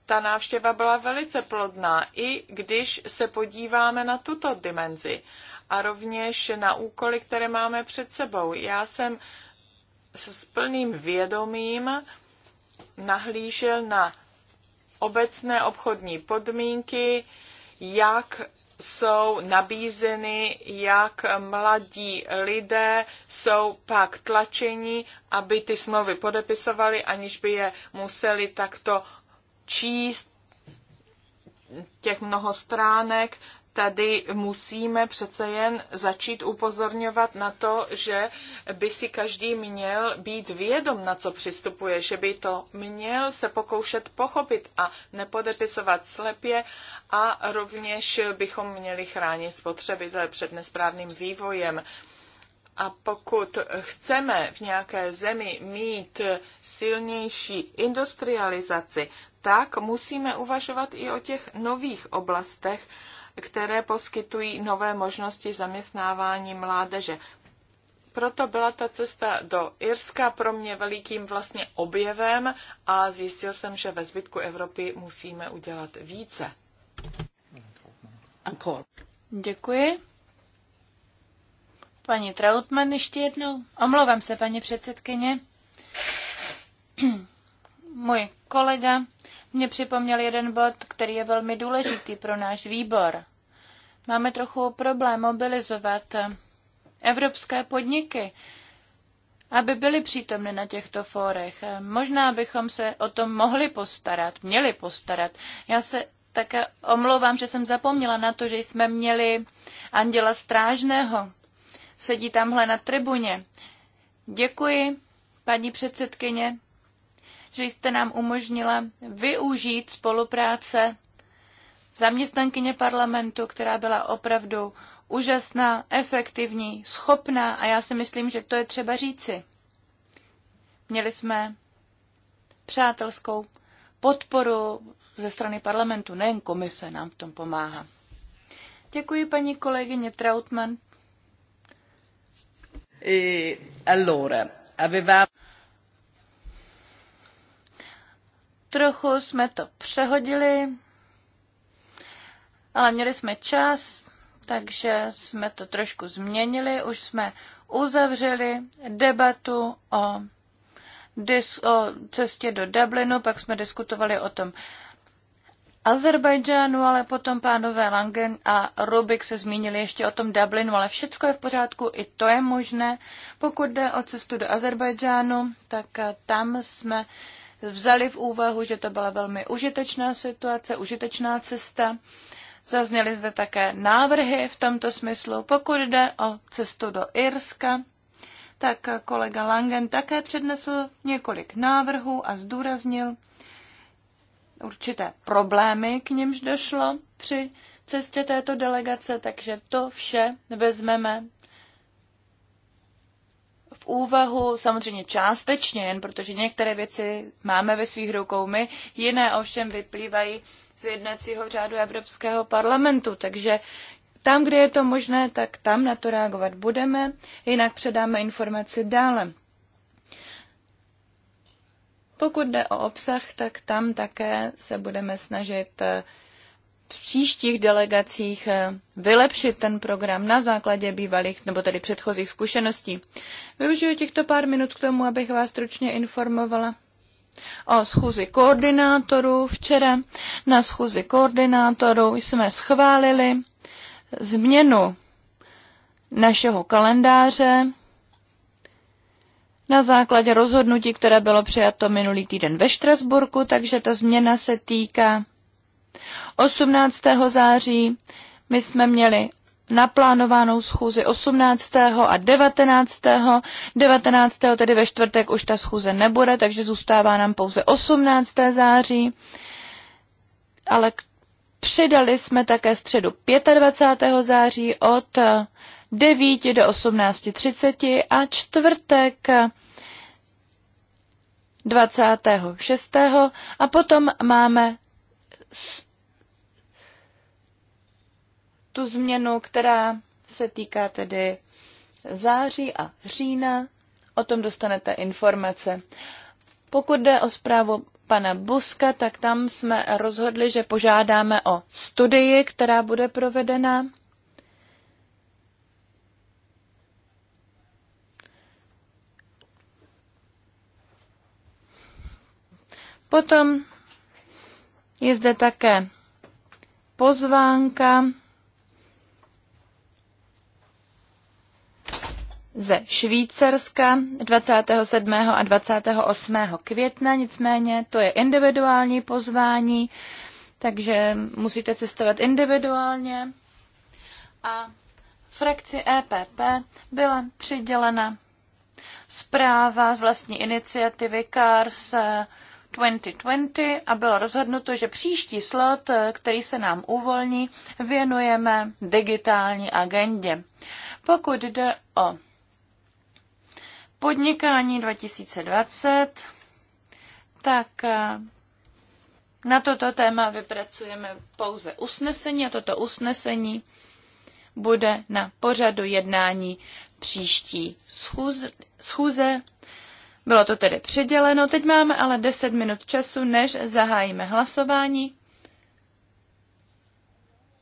ta návštěva byla velice plodná, i když se podíváme na tuto dimenzi a rovněž na úkoly, které máme před sebou. Já jsem s plným vědomím nahlížel na obecné obchodní podmínky, jak jsou nabízeny, jak mladí lidé jsou pak tlačeni, aby ty smlouvy podepisovali, aniž by je museli takto číst těch mnoho stránek, tady musíme přece jen začít upozorňovat na to, že by si každý měl být vědom, na co přistupuje, že by to měl se pokoušet pochopit a nepodepisovat slepě a rovněž bychom měli chránit spotřebitele před nesprávným vývojem. A pokud chceme v nějaké zemi mít silnější industrializaci, tak musíme uvažovat i o těch nových oblastech, které poskytují nové možnosti zaměstnávání mládeže. Proto byla ta cesta do Irska pro mě velikým vlastně objevem a zjistil jsem, že ve zbytku Evropy musíme udělat více. Ankor. Děkuji. Paní Trautmann ještě jednou. Omlouvám se, paní předsedkyně. Můj kolega mě připomněl jeden bod, který je velmi důležitý pro náš výbor. Máme trochu problém mobilizovat evropské podniky, aby byly přítomny na těchto fórech. Možná bychom se o tom mohli postarat, měli postarat. Já se také omlouvám, že jsem zapomněla na to, že jsme měli Anděla Strážného. Sedí tamhle na tribuně. Děkuji, paní předsedkyně že jste nám umožnila využít spolupráce zaměstnankyně parlamentu, která byla opravdu úžasná, efektivní, schopná a já si myslím, že to je třeba říci. Měli jsme přátelskou podporu ze strany parlamentu, nejen komise nám v tom pomáhá. Děkuji paní kolegyně Trautmann. E, allora, aveva... Trochu jsme to přehodili, ale měli jsme čas, takže jsme to trošku změnili. Už jsme uzavřeli debatu o, dis- o cestě do Dublinu, pak jsme diskutovali o tom Azerbajdžánu, ale potom pánové Langen a Rubik se zmínili ještě o tom Dublinu, ale všechno je v pořádku, i to je možné. Pokud jde o cestu do Azerbajdžánu, tak tam jsme vzali v úvahu, že to byla velmi užitečná situace, užitečná cesta. Zazněly zde také návrhy v tomto smyslu. Pokud jde o cestu do Irska, tak kolega Langen také přednesl několik návrhů a zdůraznil určité problémy, k nimž došlo při cestě této delegace, takže to vše vezmeme v úvahu, samozřejmě částečně, jen protože některé věci máme ve svých rukou my, jiné ovšem vyplývají z jednacího řádu Evropského parlamentu, takže tam, kde je to možné, tak tam na to reagovat budeme, jinak předáme informaci dále. Pokud jde o obsah, tak tam také se budeme snažit eh, příštích delegacích eh, vylepšit ten program na základě bývalých nebo tedy předchozích zkušeností. Využiju těchto pár minut k tomu, abych vás stručně informovala o schůzi koordinátorů. Včera na schůzi koordinátorů jsme schválili změnu našeho kalendáře na základě rozhodnutí, které bylo přijato minulý týden ve Štrasburku, takže ta změna se týká 18. září my jsme měli naplánovanou schůzi 18. a 19. 19. tedy ve čtvrtek už ta schůze nebude, takže zůstává nám pouze 18. září. Ale přidali jsme také středu 25. září od 9 do 18.30 a čtvrtek 26. a potom máme tu změnu, která se týká tedy září a října. O tom dostanete informace. Pokud jde o zprávu pana Buska, tak tam jsme rozhodli, že požádáme o studii, která bude provedena. Potom je zde také pozvánka ze Švýcarska 27. a 28. května, nicméně to je individuální pozvání, takže musíte cestovat individuálně. A frakci EPP byla přidělena zpráva z vlastní iniciativy CARS 2020 a bylo rozhodnuto, že příští slot, který se nám uvolní, věnujeme digitální agendě. Pokud jde o podnikání 2020, tak eh, na toto téma vypracujeme pouze usnesení a toto usnesení bude na pořadu jednání příští schůze, schůze bylo to tedy předěleno, teď máme ale 10 minut času, než zahájíme hlasování.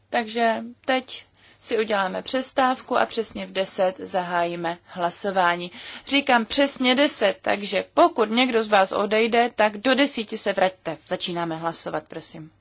Takže teď si uděláme přestávku a přesně v 10 zahájíme hlasování. Říkám přesně 10, takže pokud někdo z vás odejde, tak do 10 se vraťte. Začínáme hlasovat, prosím.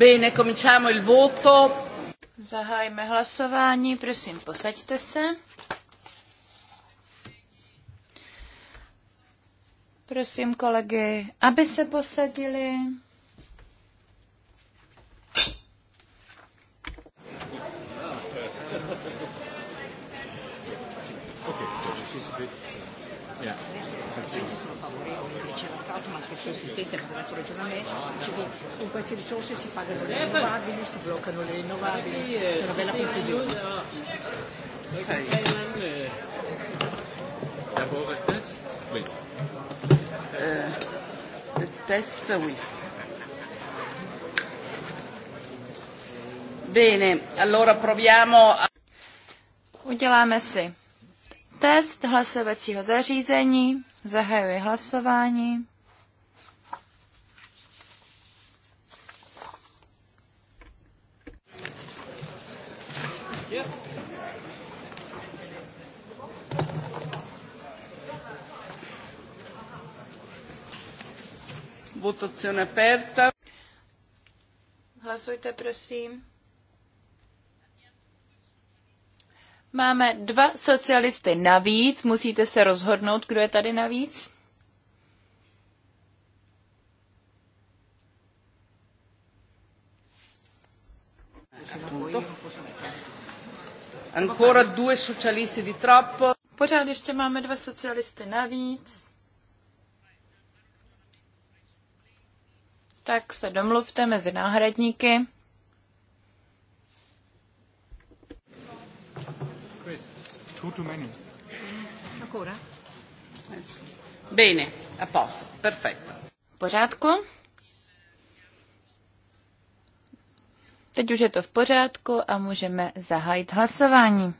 Bene, cominciamo il voto. Zahájíme hlasování, prosím, posaďte se. Prosím kolegy, aby se posadili. resta Bene, allora proviamo a... Uděláme si test hlasovacího zařízení. Zahajuji hlasování. Votazione aperta. Hlasujte, prosím. Máme dva socialisty navíc. Musíte se rozhodnout, kdo je tady navíc. Pořád ještě máme dva socialisty navíc. tak se domluvte mezi náhradníky. Chris, two too many. Ancora? Bene, a posto, perfetto. pořádku? Teď už je to v pořádku a můžeme zahájit hlasování.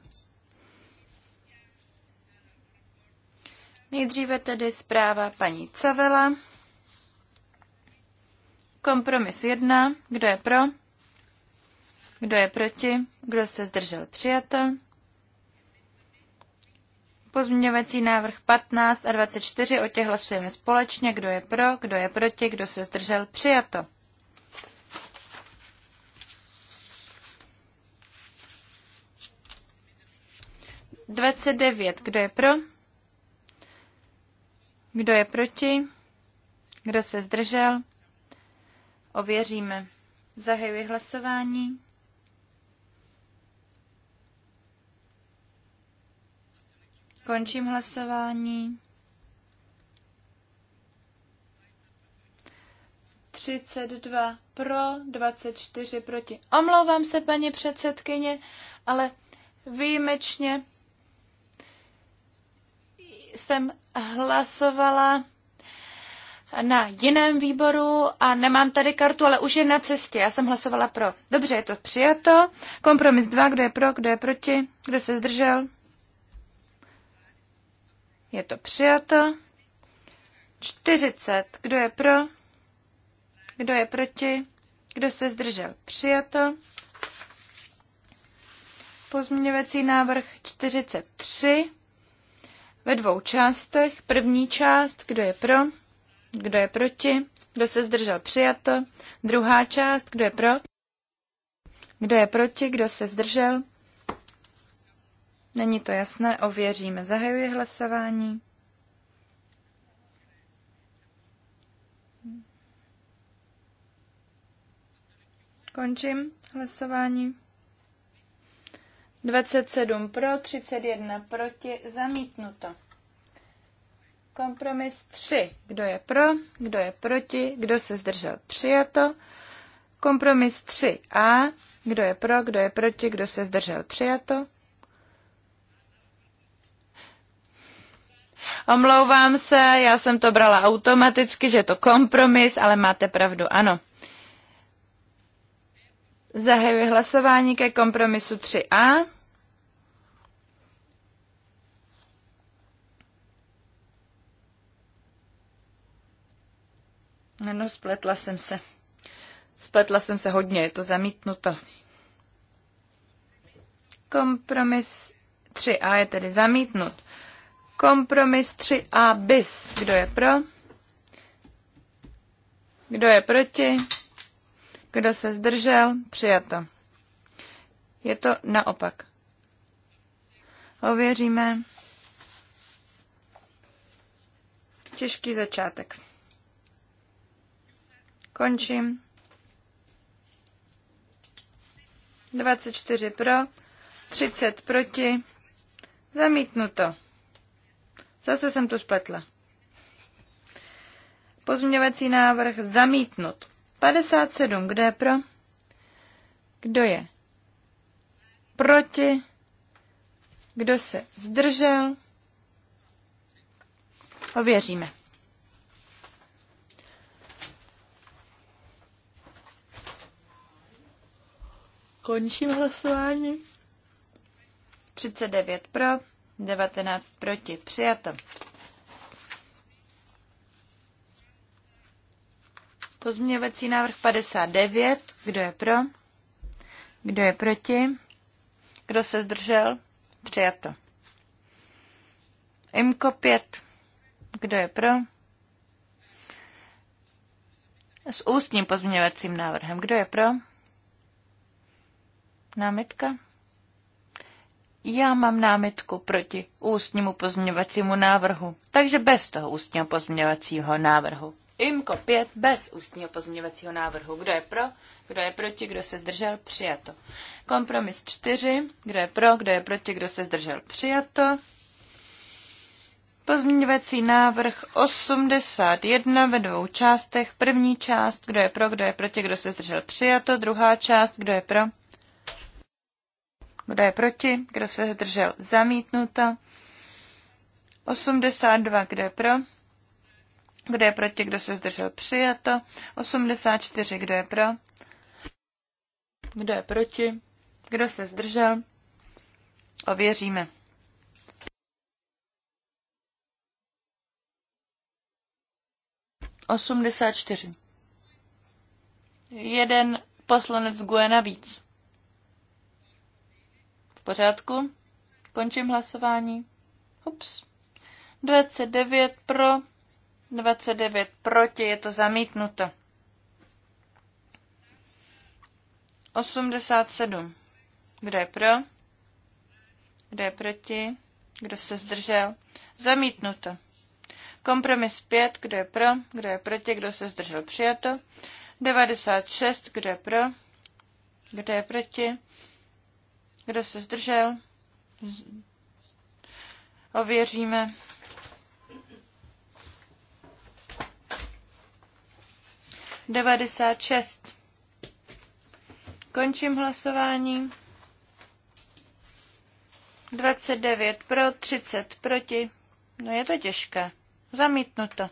Nejdříve tedy zpráva paní Cavela. Kompromis 1. Kdo je pro? Kdo je proti? Kdo se zdržel? Přijato. Pozměňovací návrh 15 a 24, o těch hlasujeme společně. Kdo je pro, kdo je proti, kdo se zdržel, přijato. Dvacet devět. Kdo je pro? Kdo je proti? Kdo se zdržel? Ověříme. Zahajuji hlasování. Končím hlasování. 32 pro, 24 proti. Omlouvám se, paní předsedkyně, ale výjimečně jsem hlasovala na jiném výboru a nemám tady kartu, ale už je na cestě. Já jsem hlasovala pro. Dobře, je to přijato. Kompromis 2, kdo je pro, kdo je proti, kdo se zdržel. Je to přijato. 40, kdo je pro, kdo je proti, kdo se zdržel. Přijato. Pozměňovací návrh 43 ve dvou částech. První část, kdo je pro, kdo je proti, kdo se zdržel přijato, druhá část, kdo je pro, kdo je proti, kdo se zdržel. Není to jasné, ověříme. Zahajuji hlasování. Končím hlasování. 27 pro, 31 proti, zamítnuto. Kompromis 3. Kdo je pro, kdo je proti, kdo se zdržel přijato. Kompromis 3a. Kdo je pro, kdo je proti, kdo se zdržel přijato. Omlouvám se, já jsem to brala automaticky, že je to kompromis, ale máte pravdu, ano. Zahajuji hlasování ke kompromisu 3a. No, spletla jsem se. Spletla jsem se hodně, je to zamítnuto. Kompromis 3a je tedy zamítnut. Kompromis 3a bis. Kdo je pro? Kdo je proti? Kdo se zdržel? Přijato. Je to naopak. Ověříme. Těžký začátek. Končím. 24 pro, 30 proti. Zamítnuto. Zase jsem tu spletla. Pozměňovací návrh zamítnut. 57. Kdo je pro? Kdo je proti? Kdo se zdržel? Ověříme. Končím hlasování. 39 pro, 19 proti. Přijato. Pozměňovací návrh 59. Kdo je pro? Kdo je proti? Kdo se zdržel? Přijato. IMKO 5. Kdo je pro? S ústním pozměňovacím návrhem. Kdo je pro? Námitka? Já mám námitku proti ústnímu pozměňovacímu návrhu, takže bez toho ústního pozměňovacího návrhu. Imko 5 bez ústního pozměňovacího návrhu. Kdo je pro, kdo je proti, kdo se zdržel, přijato. Kompromis 4, kdo je pro, kdo je proti, kdo se zdržel, přijato. Pozměňovací návrh 81 ve dvou částech. První část, kdo je pro, kdo je proti, kdo se zdržel, přijato. Druhá část, kdo je pro, kdo je proti? Kdo se zdržel? Zamítnuto. 82. Kdo je pro? Kdo je proti? Kdo se zdržel? Přijato. 84. Kdo je pro? Kdo je proti? Kdo se zdržel? Ověříme. Osmdesát čtyři. Jeden poslanec Gue navíc pořádku. Končím hlasování. Ups. 29 pro, 29 proti, je to zamítnuto. 87. Kdo je pro? Kdo je proti? Kdo se zdržel? Zamítnuto. Kompromis 5. Kdo je pro? Kdo je proti? Kdo se zdržel? Přijato. 96. Kdo je pro? Kdo je proti? Kdo se zdržel? Ověříme. Devadesát šest. Končím hlasování. 29 pro, 30 proti. No je to těžké. Zamítnuto.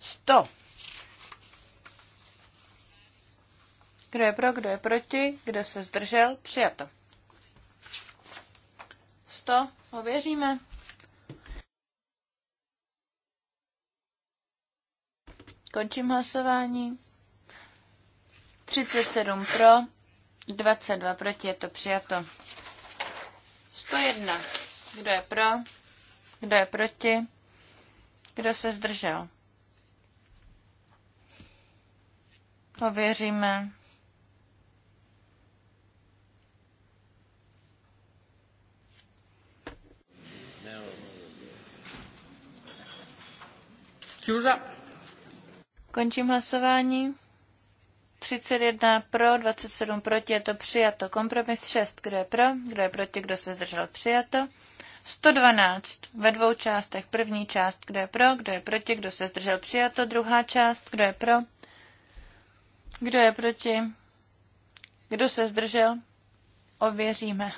100. Kdo je pro, kdo je proti, kdo se zdržel, přijato. 100 ověříme. Končím hlasování. 37 pro, 22 proti, je to přijato. 101. Kdo je pro? Kdo je proti? Kdo se zdržel? Ověříme Chiusa. Končím hlasování. 31 pro, 27 proti, je to přijato. Kompromis 6, kdo je pro, kdo je proti, kdo se zdržel, přijato. 112 ve dvou částech. První část, kdo je pro, kdo je proti, kdo se zdržel, přijato. Druhá část, kdo je pro, kdo je proti, kdo se zdržel, ověříme.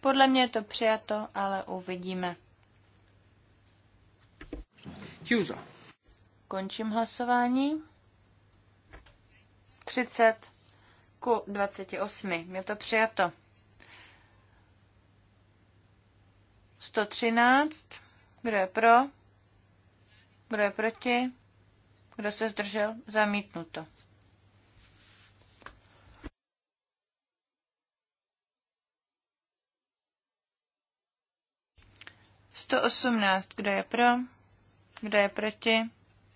Podle mě je to přijato, ale uvidíme. Chiuso. Končím hlasování. 30 ku 28. Je to přijato. 113. Kdo je pro? Kdo je proti? Kdo se zdržel? Zamítnuto. Sto osmnáct. Kdo je pro? Kdo je proti?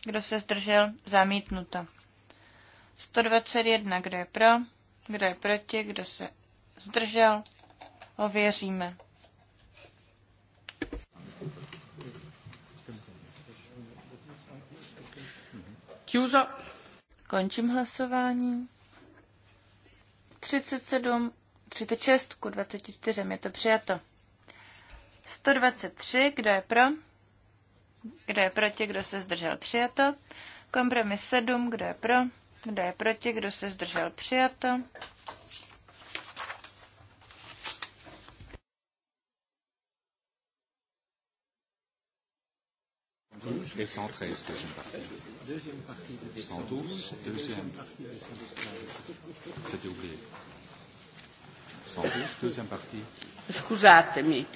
Kdo se zdržel? Zamítnuto. 121. Kdo je pro? Kdo je proti? Kdo se zdržel? Ověříme. Chiuso. Končím hlasování. 37, 36 ku 24 je to přijato. 123, kdo je pro? kdo je proti, kdo se zdržel přijato. Kompromis 7, kdo je pro, kdo je proti, kdo se zdržel přijato. Scusatemi,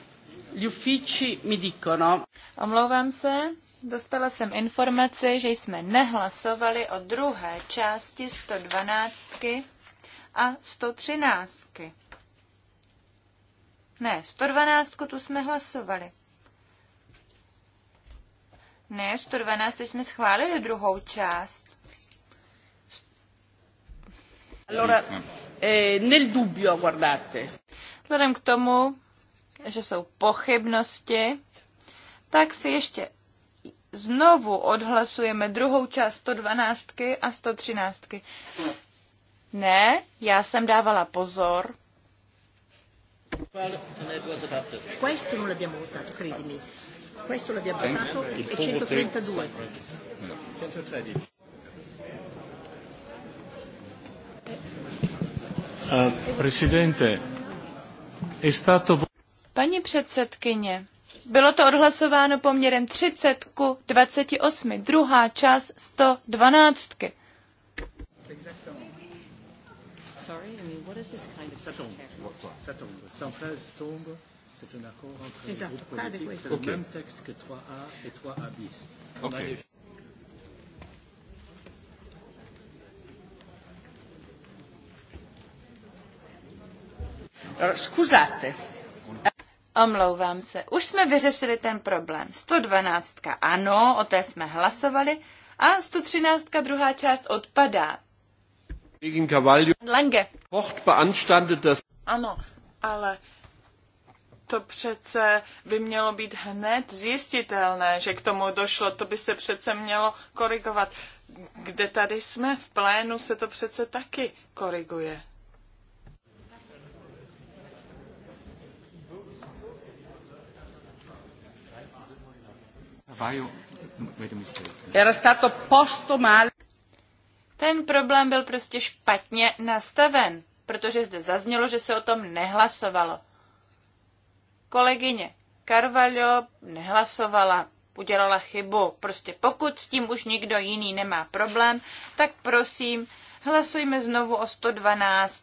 gli uffici mi dicono. Omlouvám se, dostala jsem informaci, že jsme nehlasovali o druhé části 112 a 113. Ne, 112 tu jsme hlasovali. Ne, 112 jsme schválili druhou část. Allora, eh, nel dubbio, guardate. Vzhledem k tomu, že jsou pochybnosti, tak si ještě znovu odhlasujeme druhou část 112 a 113. Ne, já jsem dávala pozor. Questo non l'abbiamo votato, credimi. Questo l'abbiamo votato e 132. Eh, Presidente, è stato... Paní předsedkyně, bylo to odhlasováno poměrem 30 ku 28, druhá čas 112. Scusate. Omlouvám se. Už jsme vyřešili ten problém. 112. Ano, o té jsme hlasovali. A 113. druhá část odpadá. Lange. Ano, ale to přece by mělo být hned zjistitelné, že k tomu došlo. To by se přece mělo korigovat. Kde tady jsme v plénu, se to přece taky koriguje. Era stato posto male. Ten problém byl prostě špatně nastaven, protože zde zaznělo, že se o tom nehlasovalo. Kolegyně Carvalho nehlasovala, udělala chybu. Prostě pokud s tím už nikdo jiný nemá problém, tak prosím, hlasujme znovu o 112.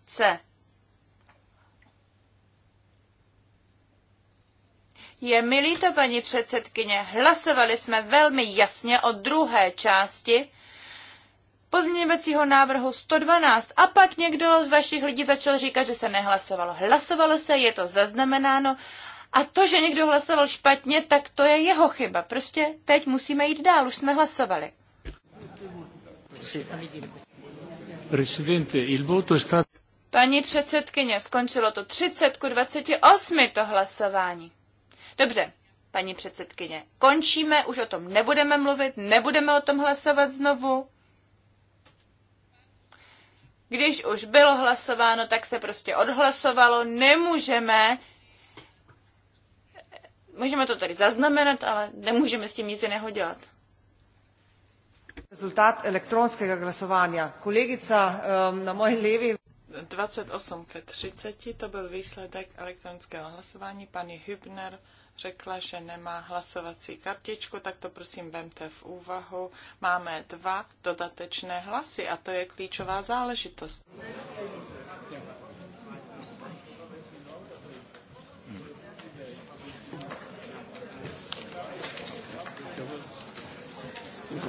Je mi líto, paní předsedkyně, hlasovali jsme velmi jasně o druhé části pozměňovacího návrhu 112 a pak někdo z vašich lidí začal říkat, že se nehlasovalo. Hlasovalo se, je to zaznamenáno a to, že někdo hlasoval špatně, tak to je jeho chyba. Prostě teď musíme jít dál, už jsme hlasovali. Paní předsedkyně, skončilo to 30 ku 28 to hlasování. Dobře, paní předsedkyně, končíme, už o tom nebudeme mluvit, nebudeme o tom hlasovat znovu. Když už bylo hlasováno, tak se prostě odhlasovalo, nemůžeme Můžeme to tady zaznamenat, ale nemůžeme s tím nic jiného dělat. Rezultat elektronického hlasování. Kolegica um, na moje levi. 28 ke 30, to byl výsledek elektronického hlasování. Pani Hübner řekla, že nemá hlasovací kartičku, tak to prosím vemte v úvahu. Máme dva dodatečné hlasy a to je klíčová záležitost.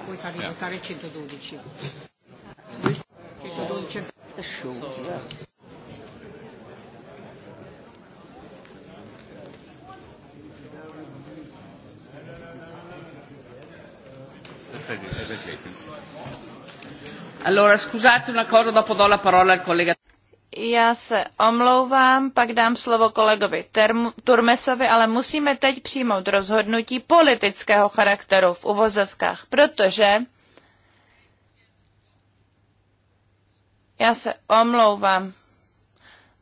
Poi farli 112. 112 shows. Já se omlouvám, pak dám slovo kolegovi Term- Turmesovi, ale musíme teď přijmout rozhodnutí politického charakteru v uvozovkách, protože já se omlouvám.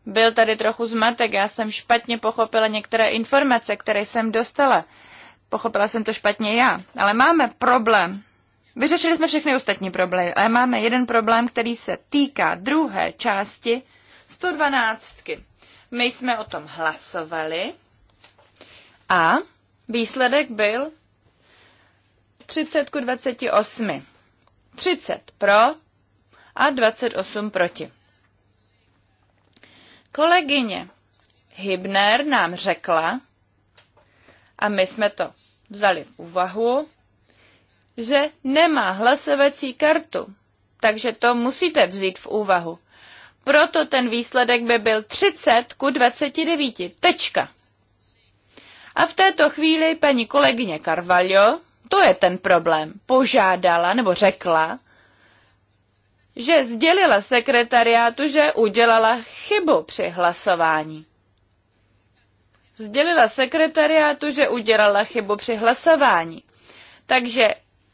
Byl tady trochu zmatek, já jsem špatně pochopila některé informace, které jsem dostala. Pochopila jsem to špatně já, ale máme problém. Vyřešili jsme všechny ostatní problémy, ale máme jeden problém, který se týká druhé části 112. My jsme o tom hlasovali a výsledek byl 30 k 28. 30 pro a 28 proti. Kolegyně Hybner nám řekla, a my jsme to vzali v úvahu, že nemá hlasovací kartu. Takže to musíte vzít v úvahu. Proto ten výsledek by byl 30 ku 29. Tečka. A v této chvíli paní kolegyně Carvalho, to je ten problém, požádala nebo řekla, že sdělila sekretariátu, že udělala chybu při hlasování sdělila sekretariátu, že udělala chybu při hlasování. Takže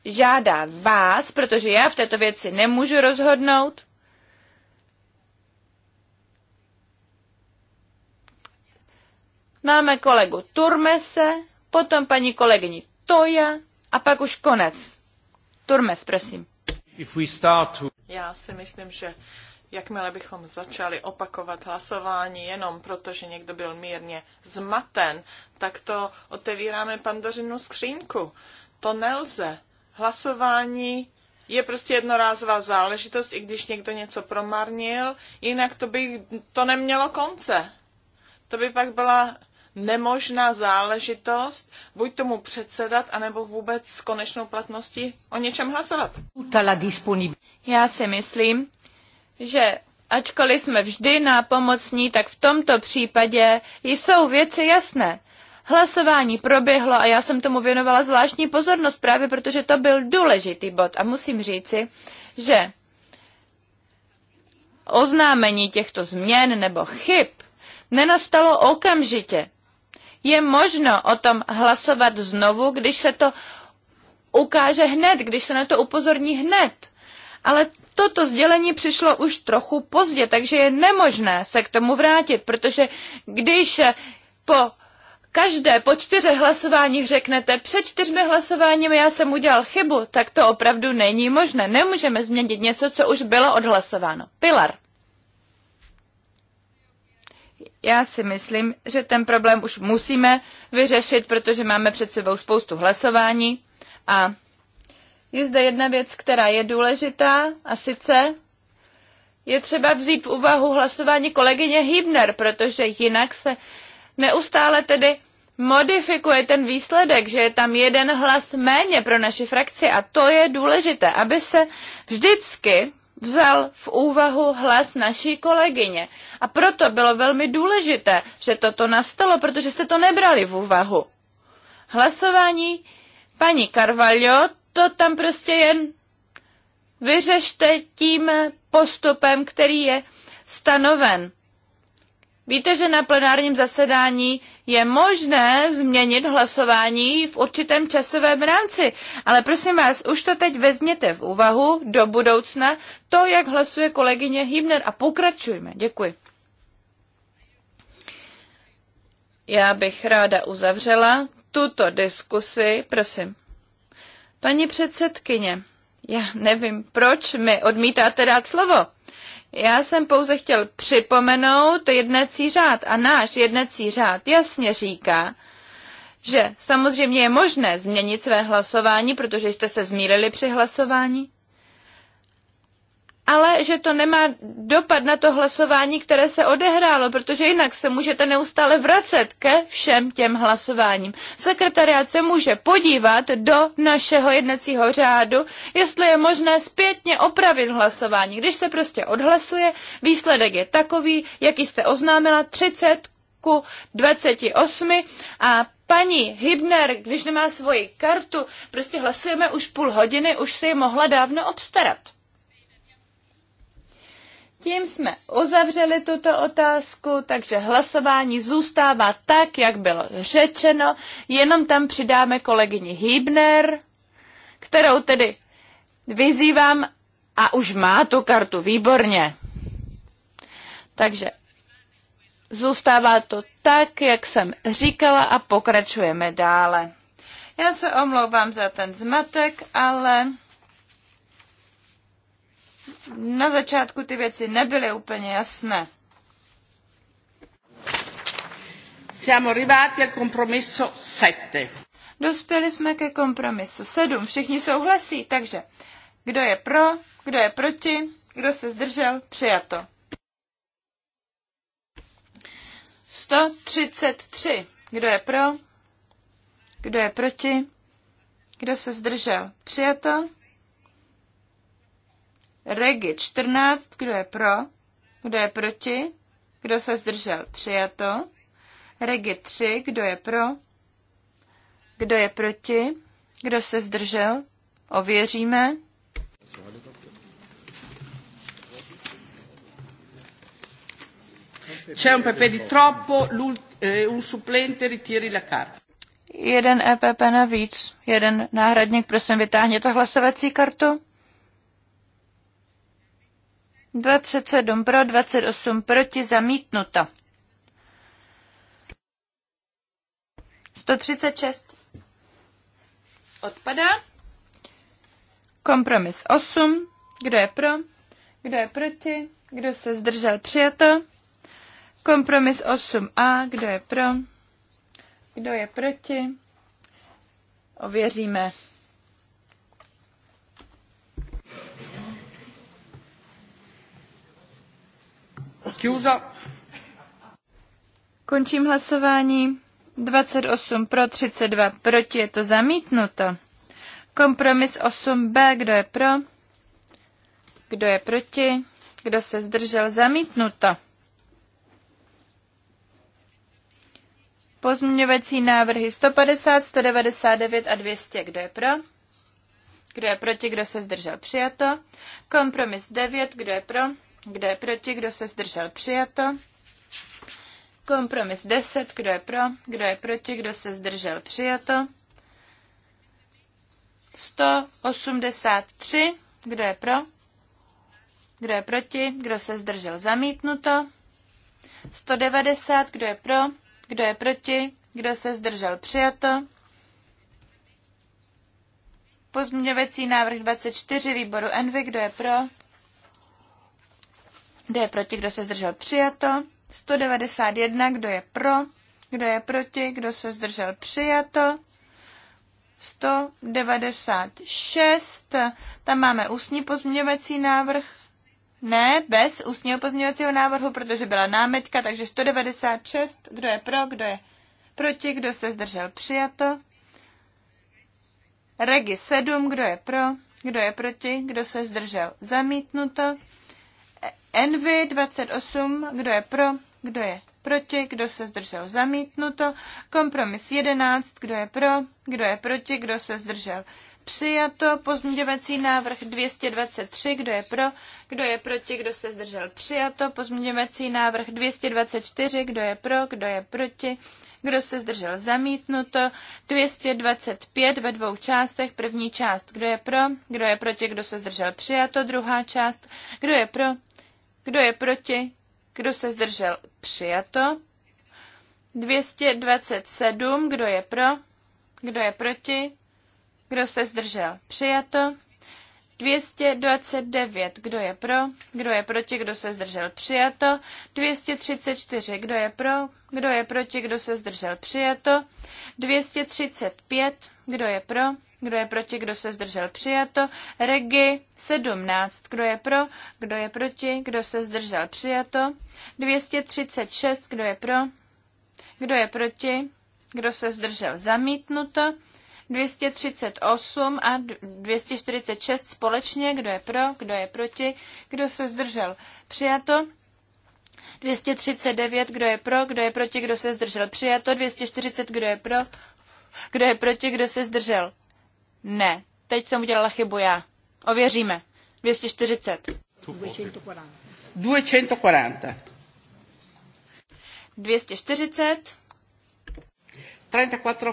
žádá vás, protože já v této věci nemůžu rozhodnout, Máme kolegu Turmese, potom paní kolegyni Toja a pak už konec. Turmes, prosím. To... Já si myslím, že jakmile bychom začali opakovat hlasování jenom proto, že někdo byl mírně zmaten, tak to otevíráme pandořinu skřínku. To nelze. Hlasování je prostě jednorázová záležitost, i když někdo něco promarnil, jinak to by to nemělo konce. To by pak byla nemožná záležitost buď tomu předsedat, anebo vůbec s konečnou platností o něčem hlasovat. Já si myslím, že ačkoliv jsme vždy nápomocní, tak v tomto případě jsou věci jasné. Hlasování proběhlo a já jsem tomu věnovala zvláštní pozornost právě protože to byl důležitý bod a musím říci, že oznámení těchto změn nebo chyb nenastalo okamžitě. Je možno o tom hlasovat znovu, když se to ukáže hned, když se na to upozorní hned. Ale toto sdělení přišlo už trochu pozdě, takže je nemožné se k tomu vrátit, protože když po každé po čtyřech hlasováních řeknete, před čtyřmi hlasováními já jsem udělal chybu, tak to opravdu není možné. Nemůžeme změnit něco, co už bylo odhlasováno. Pilar. Já si myslím, že ten problém už musíme vyřešit, protože máme před sebou spoustu hlasování a je zde jedna věc, která je důležitá, a sice je třeba vzít v úvahu hlasování kolegyně Hibner, protože jinak se neustále tedy modifikuje ten výsledek, že je tam jeden hlas méně pro naši frakci a to je důležité, aby se vždycky vzal v úvahu hlas naší kolegyně. A proto bylo velmi důležité, že toto nastalo, protože jste to nebrali v úvahu. Hlasování paní Carvalho, to tam prostě jen vyřešte tím postupem, který je stanoven. Víte, že na plenárním zasedání je možné změnit hlasování v určitém časovém rámci, ale prosím vás, už to teď vezměte v úvahu do budoucna, to, jak hlasuje kolegyně Hibner a pokračujme. Děkuji. Já bych ráda uzavřela tuto diskusi, prosím. Paní předsedkyně, já nevím, proč mi odmítáte dát slovo. Já jsem pouze chtěl připomenout jednací řád a náš jednací řád jasně říká, že samozřejmě je možné změnit své hlasování, protože jste se zmírili při hlasování ale že to nemá dopad na to hlasování, které se odehrálo, protože jinak se můžete neustále vracet ke všem těm hlasováním. Sekretariát se může podívat do našeho jednacího řádu, jestli je možné zpětně opravit hlasování. Když se prostě odhlasuje, výsledek je takový, jaký jste oznámila, 30 ku 28 a paní Hibner, když nemá svoji kartu, prostě hlasujeme už půl hodiny, už si ji mohla dávno obstarat. Tím jsme uzavřeli tuto otázku, takže hlasování zůstává tak, jak bylo řečeno, jenom tam přidáme kolegyni Hýbner, kterou tedy vyzývám a už má tu kartu, výborně. Takže zůstává to tak, jak jsem říkala a pokračujeme dále. Já se omlouvám za ten zmatek, ale na začátku ty věci nebyly úplně jasné. Siamo arrivati al compromesso 7. Dospěli jsme ke kompromisu 7. Všichni souhlasí, takže kdo je pro, kdo je proti, kdo se zdržel, přijato. 133. Kdo je pro? Kdo je proti? Kdo se zdržel? Přijato. Regi 14, kdo je pro, kdo je proti, kdo se zdržel, přijato. Regi 3, kdo je pro, kdo je proti, kdo se zdržel, ověříme. C'è un pepe di troppo, eh, un supplente ritiri la carta. Jeden EPP navíc. Jeden náhradník, prosím, vytáhněte hlasovací kartu. 27 pro, 28 proti, zamítnuto. 136 odpadá. Kompromis 8. Kdo je pro? Kdo je proti? Kdo se zdržel? Přijato. Kompromis 8a. Kdo je pro? Kdo je proti? Ověříme. Chiusa. Končím hlasování. 28 pro, 32 proti, je to zamítnuto. Kompromis 8b, kdo je pro? Kdo je proti? Kdo se zdržel? Zamítnuto. Pozměňovací návrhy 150, 199 a 200. Kdo je pro? Kdo je proti? Kdo se zdržel? Přijato. Kompromis 9. Kdo je pro? Kdo je proti? Kdo se zdržel? Přijato. Kompromis 10. Kdo je pro? Kdo je proti? Kdo se zdržel? Přijato. 183. Kdo je pro? Kdo je proti? Kdo se zdržel? Zamítnuto. 190. Kdo je pro? Kdo je proti? Kdo se zdržel? Přijato. Pozměňovací návrh 24 výboru Envy. Kdo je pro? Kdo je proti, kdo se zdržel? Přijato. 191, kdo je pro, kdo je proti, kdo se zdržel? Přijato. 196, tam máme ústní pozměňovací návrh. Ne, bez ústního pozměňovacího návrhu, protože byla námitka, takže 196, kdo je pro, kdo je proti, kdo se zdržel? Přijato. Regi 7, kdo je pro, kdo je proti, kdo se zdržel? Zamítnuto. Envy 28, kdo je pro, kdo je proti, kdo se zdržel zamítnuto. Kompromis 11, kdo je pro, kdo je proti, kdo se zdržel Přijato pozměňovací návrh 223, kdo je pro, kdo je proti, kdo se zdržel. Přijato pozměňovací návrh 224, kdo je pro, kdo je proti, kdo se zdržel. Zamítnuto 225 ve dvou částech. První část, kdo je pro, kdo je proti, kdo se zdržel. Přijato druhá část, kdo je pro, kdo je proti, kdo se zdržel. Přijato 227, kdo je pro, kdo je proti, kdo se zdržel? Přijato. 229. Kdo je pro? Kdo je proti? Kdo se zdržel? Přijato. 234. Kdo je pro? Kdo je proti? Kdo se zdržel? Přijato. 235. Kdo je pro? Kdo je proti? Kdo se zdržel? Přijato. Regi 17. Kdo je pro? Kdo je proti? Kdo se zdržel? Přijato. 236. Kdo je pro? Kdo je proti? Kdo se zdržel? Zamítnuto. 238 a 246 společně, kdo je pro, kdo je proti, kdo se zdržel. Přijato. 239, kdo je pro, kdo je proti, kdo se zdržel. Přijato. 240, kdo je pro, kdo je proti, kdo se zdržel. Ne, teď jsem udělala chybu já. Ověříme. 240. 240. 240. 34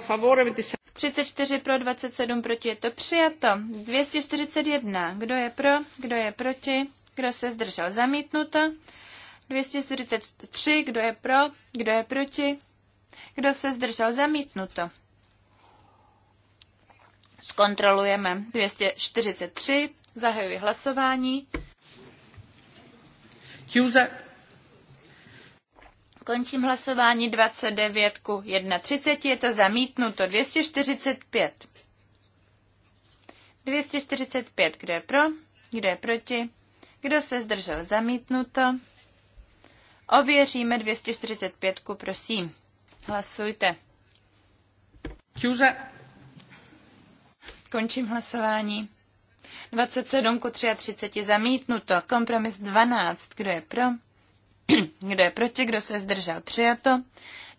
e pro, 27 proti, je to přijato. 241, kdo je pro, kdo je proti, kdo se zdržel, zamítnuto. 243, kdo je pro, kdo je proti, kdo se zdržel, zamítnuto. Zkontrolujeme 243, zahajuji hlasování. Chiusa Končím hlasování 29 ku 31. Je to zamítnuto 245. 245. Kdo je pro? Kdo je proti? Kdo se zdržel? Zamítnuto. Ověříme 245, prosím. Hlasujte. Čuže. Končím hlasování. 27 ku 33 zamítnuto. Kompromis 12. Kdo je pro? Kdo je proti, kdo se zdržel? Přijato.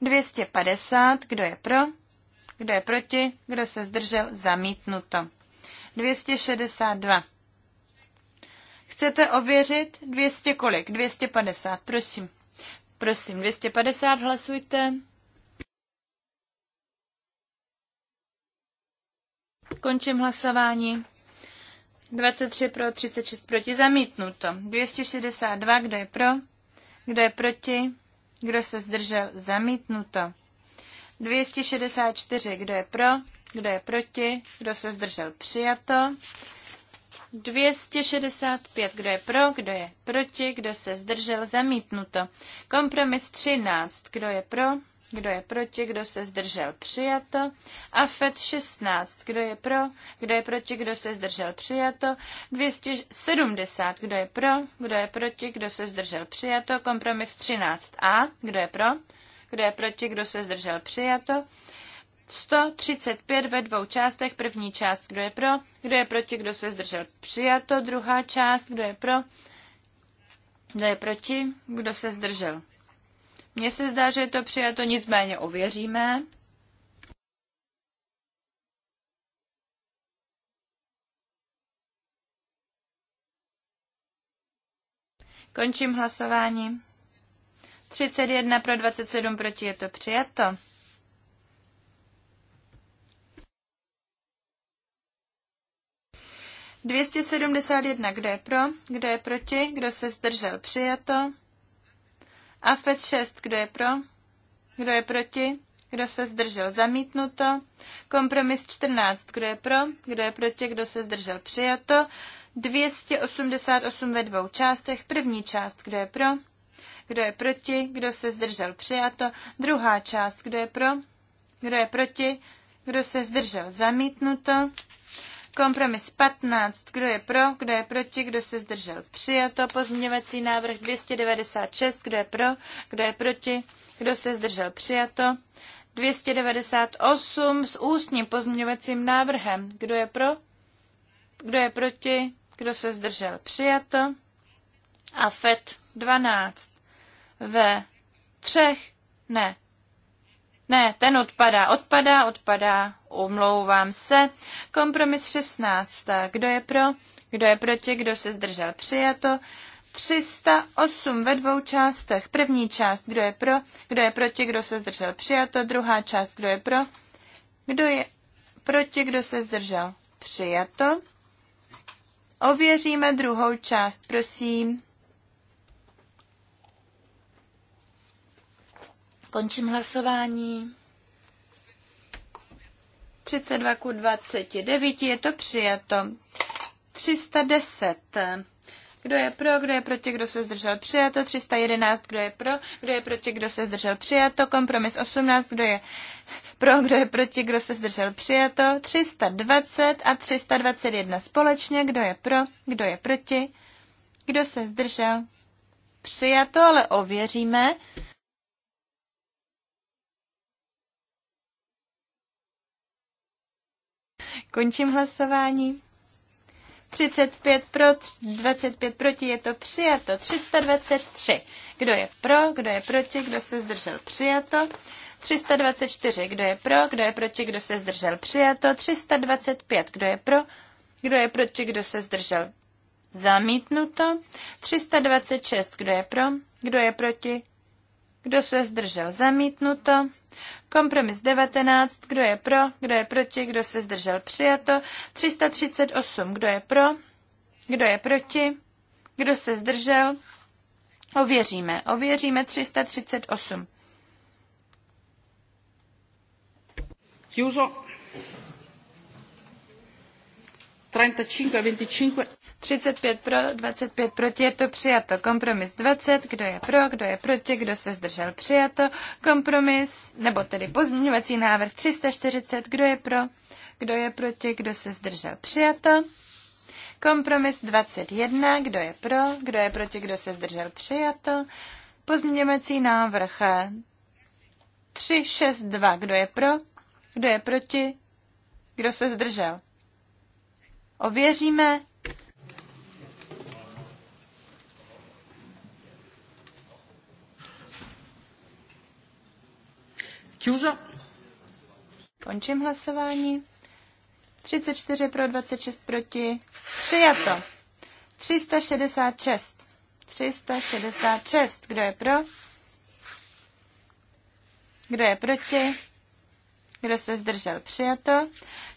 250. Kdo je pro? Kdo je proti? Kdo se zdržel? Zamítnuto. 262. Chcete ověřit? 200 kolik? 250, prosím. Prosím, 250 hlasujte. Končím hlasování. 23 pro, 36 proti, zamítnuto. 262, kdo je pro? Kdo je proti? Kdo se zdržel? Zamítnuto. 264. Kdo je pro? Kdo je proti? Kdo se zdržel? Přijato. 265. Kdo je pro? Kdo je proti? Kdo se zdržel? Zamítnuto. Kompromis 13. Kdo je pro? kdo je proti, kdo se zdržel, přijato. AFET 16, kdo je pro, kdo je proti, kdo se zdržel, přijato. 270, kdo je pro, kdo je proti, kdo se zdržel, přijato. Kompromis 13a, kdo je pro, kdo je proti, kdo se zdržel, přijato. 135 ve dvou částech. První část, kdo je pro, kdo je proti, kdo se zdržel, přijato. Druhá část, kdo je pro, kdo je proti, kdo se zdržel, mně se zdá, že je to přijato, nicméně ověříme. Končím hlasování. 31 pro 27 proti je to přijato. Dvěstě sedmdesát jedna, kdo je pro, kdo je proti, kdo se zdržel, přijato. AFET 6, kdo je pro? Kdo je proti? Kdo se zdržel? Zamítnuto. Kompromis 14, kdo je pro? Kdo je proti? Kdo se zdržel? Přijato. 288 ve dvou částech. První část, kdo je pro? Kdo je proti? Kdo se zdržel? Přijato. Druhá část, kdo je pro? Kdo je proti? Kdo se zdržel? Zamítnuto. Kompromis 15. Kdo je pro, kdo je proti, kdo se zdržel? Přijato. Pozměňovací návrh 296. Kdo je pro, kdo je proti, kdo se zdržel? Přijato. 298 s ústním pozměňovacím návrhem. Kdo je pro, kdo je proti, kdo se zdržel? Přijato. A FED 12 v třech, ne, ne, ten odpadá, odpadá, odpadá, omlouvám se. Kompromis 16. Kdo je pro? Kdo je proti? Kdo se zdržel? Přijato. 308 ve dvou částech. První část, kdo je pro, kdo je proti, kdo se zdržel. Přijato. Druhá část, kdo je pro, kdo je proti, kdo se zdržel. Přijato. Ověříme druhou část, prosím. Končím hlasování. 32 ku 29 je to přijato. 310. Kdo je pro, kdo je proti, kdo se zdržel přijato, 311, kdo je pro, kdo je proti, kdo se zdržel přijato, kompromis 18, kdo je pro, kdo je proti, kdo se zdržel přijato, 320 a 321 společně, kdo je pro, kdo je proti, kdo se zdržel přijato, ale ověříme. Končím hlasování. 35 pro, 25 proti, je to přijato. 323. Kdo je pro, kdo je proti, kdo se zdržel přijato. 324. Kdo je pro, kdo je proti, kdo se zdržel přijato. 325. Kdo je pro, kdo je proti, kdo se zdržel zamítnuto. 326. Kdo je pro, kdo je proti, kdo se zdržel? Zamítnuto. Kompromis 19. Kdo je pro? Kdo je proti? Kdo se zdržel? Přijato. 338. Kdo je pro? Kdo je proti? Kdo se zdržel? Ověříme. Ověříme 338. Chiuso. 35 25. 35 pro, 25 proti, je to přijato. Kompromis 20, kdo je pro, kdo je proti, kdo se zdržel přijato. Kompromis, nebo tedy pozměňovací návrh 340, kdo je pro, kdo je proti, kdo se zdržel přijato. Kompromis 21, kdo je pro, kdo je proti, kdo se zdržel přijato. Pozměňovací návrh 362, kdo je pro, kdo je proti, kdo se zdržel. Ověříme Chiusa. Končím hlasování. 34 pro, 26 proti. Přijato. 366. 366. Kdo je pro? Kdo je proti? Kdo se zdržel? Přijato.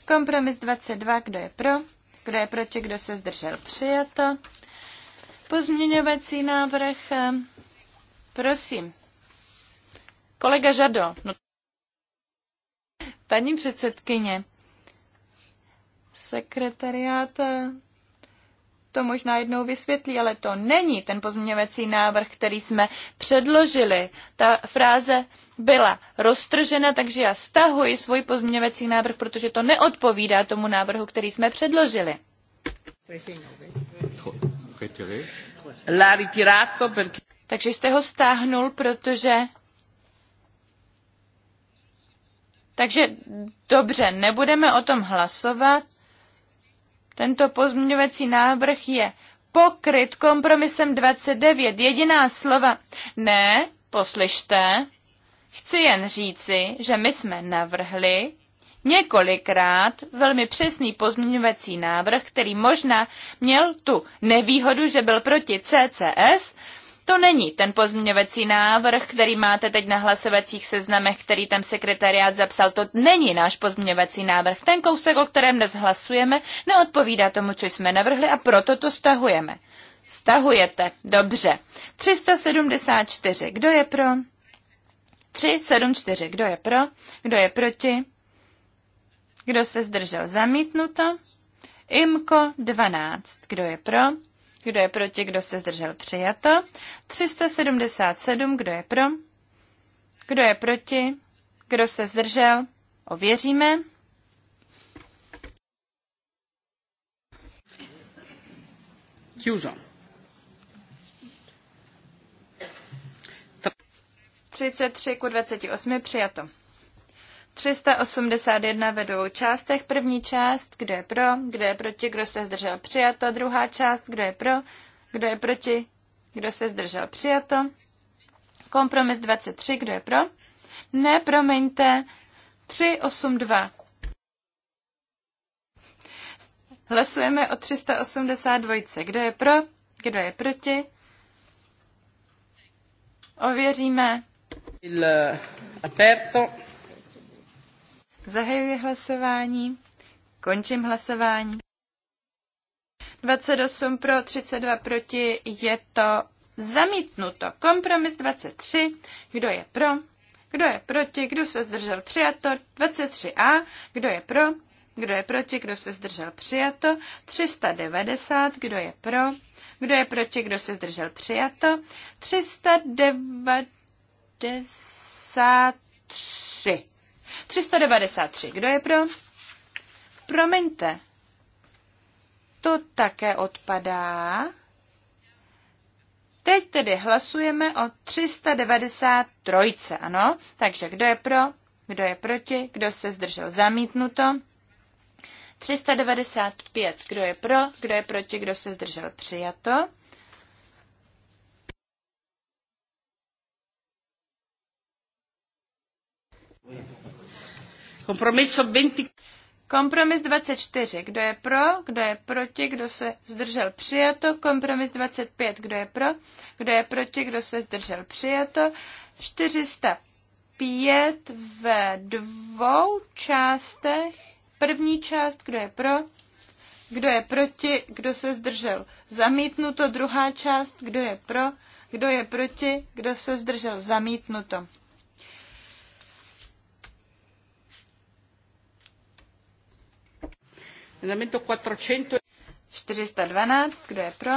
Kompromis 22. Kdo je pro? Kdo je proti? Kdo se zdržel? Přijato. Pozměňovací návrh. Eh, prosím. Kolega Žado. No. Paní předsedkyně, sekretariát eh, to možná jednou vysvětlí, ale to není ten pozměňovací návrh, který jsme předložili. Ta fráze byla roztržena, takže já stahuji svůj pozměňovací návrh, protože to neodpovídá tomu návrhu, který jsme předložili. Takže jste ho stáhnul, protože Takže dobře, nebudeme o tom hlasovat. Tento pozměňovací návrh je pokryt kompromisem 29. Jediná slova. Ne, poslyšte. Chci jen říci, že my jsme navrhli několikrát velmi přesný pozměňovací návrh, který možná měl tu nevýhodu, že byl proti CCS, to není ten pozměňovací návrh, který máte teď na hlasovacích seznamech, který tam sekretariát zapsal. To není náš pozměňovací návrh. Ten kousek, o kterém dnes hlasujeme, neodpovídá tomu, co jsme navrhli a proto to stahujeme. Stahujete. Dobře. 374. Kdo je pro? 374. Kdo je pro? Kdo je proti? Kdo se zdržel? Zamítnuto. Imko 12. Kdo je pro? Kdo je proti? Kdo se zdržel? Přijato. 377. Kdo je pro? Kdo je proti? Kdo se zdržel? Ověříme. Chiuso. 33 ku 28 přijato. 381 ve dvou částech. První část, kdo je pro, kdo je proti, kdo se zdržel přijato. Druhá část, kdo je pro, kdo je proti, kdo se zdržel přijato. Kompromis 23, kdo je pro? Ne, promiňte, 382. Hlasujeme o 382. Kdo je pro? Kdo je proti? Ověříme. Il eh, aperto. Zahajuji hlasování. Končím hlasování. 28 pro, 32 proti, je to zamítnuto. Kompromis 23. Kdo je pro? Kdo je proti? Kdo se zdržel? Přijato. 23a. Kdo je pro? Kdo je proti? Kdo se zdržel? Přijato. 390. Kdo je pro? Kdo je proti? Kdo se zdržel? Přijato. 393. 393. Kdo je pro? Promiňte. To také odpadá. Teď tedy hlasujeme o 393, ano? Takže kdo je pro, kdo je proti, kdo se zdržel zamítnuto? 395, kdo je pro, kdo je proti, kdo se zdržel přijato? Compromesso 20. Kompromis 24. Kdo je pro, kdo je proti, kdo se zdržel přijato. Kompromis 25. Kdo je pro, kdo je proti, kdo se zdržel přijato. 405 ve dvou částech. První část, kdo je pro, kdo je proti, kdo se zdržel. Zamítnuto druhá část, kdo je pro, kdo je proti, kdo se zdržel. Zamítnuto. 412, kdo je pro?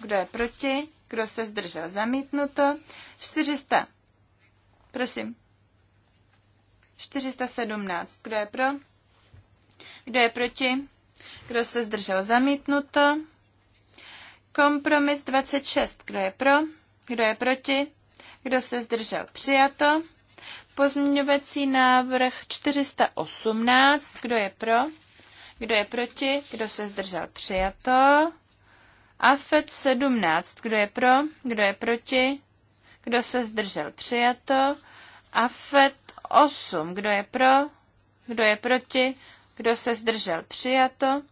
Kdo je proti? Kdo se zdržel? Zamítnuto. 400. Prosím. 417. Kdo je pro? Kdo je proti? Kdo se zdržel? Zamítnuto. Kompromis 26. Kdo je pro? Kdo je proti? Kdo se zdržel? Přijato. Pozměňovací návrh 418. Kdo je pro? Kdo je proti? Kdo se zdržel? Přijato. AFET 17. Kdo je pro? Kdo je proti? Kdo se zdržel? Přijato. AFET 8. Kdo je pro? Kdo je proti? Kdo se zdržel? Přijato.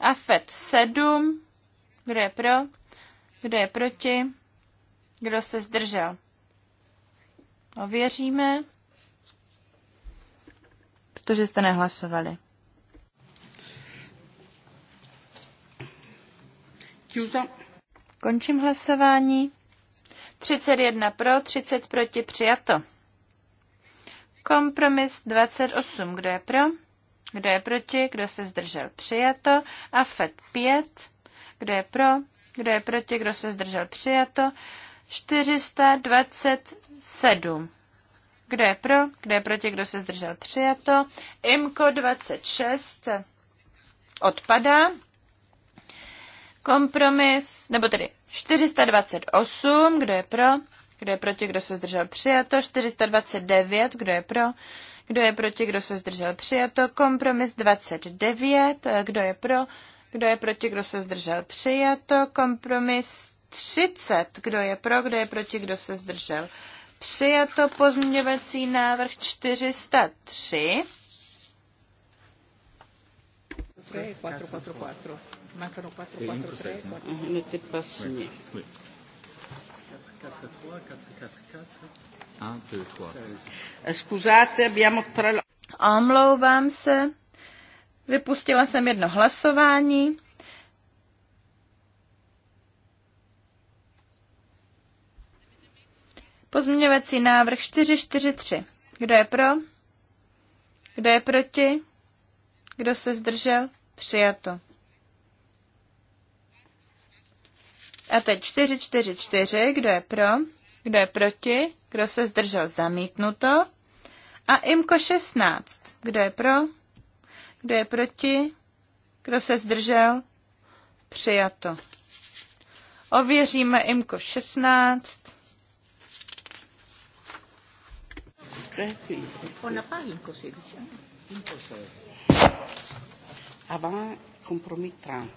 AFET 7. Kdo je pro? Kdo je proti? Kdo se zdržel? Ověříme to, že jste nehlasovali. Končím hlasování. 31 pro, 30 proti, přijato. Kompromis 28. Kdo je pro? Kdo je proti? Kdo se zdržel? Přijato. AFET 5. Kdo je pro? Kdo je proti? Kdo se zdržel? Přijato. 427. Kdo je pro? Kdo je proti? Kdo se zdržel? Přijato. IMKO 26 odpadá. Kompromis, nebo tedy 428, kdo je pro? Kdo je proti? Kdo se zdržel? Přijato. 429, kdo je pro? Kdo je proti? Kdo se zdržel? Přijato. Kompromis 29, kdo je pro? Kdo je proti? Kdo se zdržel? Přijato. Kompromis 30, kdo je pro? Kdo je proti? Kdo se zdržel? Přijato pozměňovací návrh 403. 4, 4, 4. Omlouvám se. Vypustila jsem jedno hlasování. Pozměňovací návrh 443. Kdo je pro? Kdo je proti? Kdo se zdržel? Přijato. A teď 444. Kdo je pro? Kdo je proti? Kdo se zdržel? Zamítnuto. A IMKO 16. Kdo je pro? Kdo je proti? Kdo se zdržel? Přijato. Ověříme IMKO 16. On n'a pas INCO 16. 16. Avant compromis 30.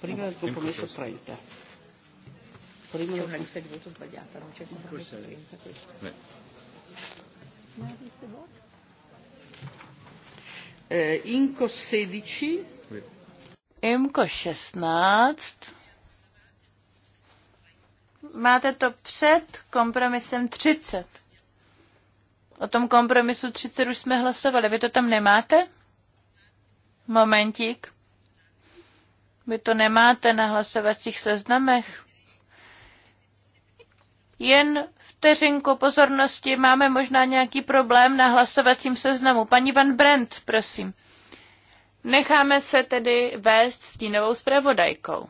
Prima del compromesso 30. Prima c'è una lista di voto sbagliata, non c'è compromesso 30. Eh, INCO 16. INCO 16. Máte to před kompromisem 30. O tom kompromisu 30 už jsme hlasovali. Vy to tam nemáte? Momentík. Vy to nemáte na hlasovacích seznamech. Jen vteřinku pozornosti, máme možná nějaký problém na hlasovacím seznamu. Paní Van Brent, prosím. Necháme se tedy vést tínovou zpravodajkou.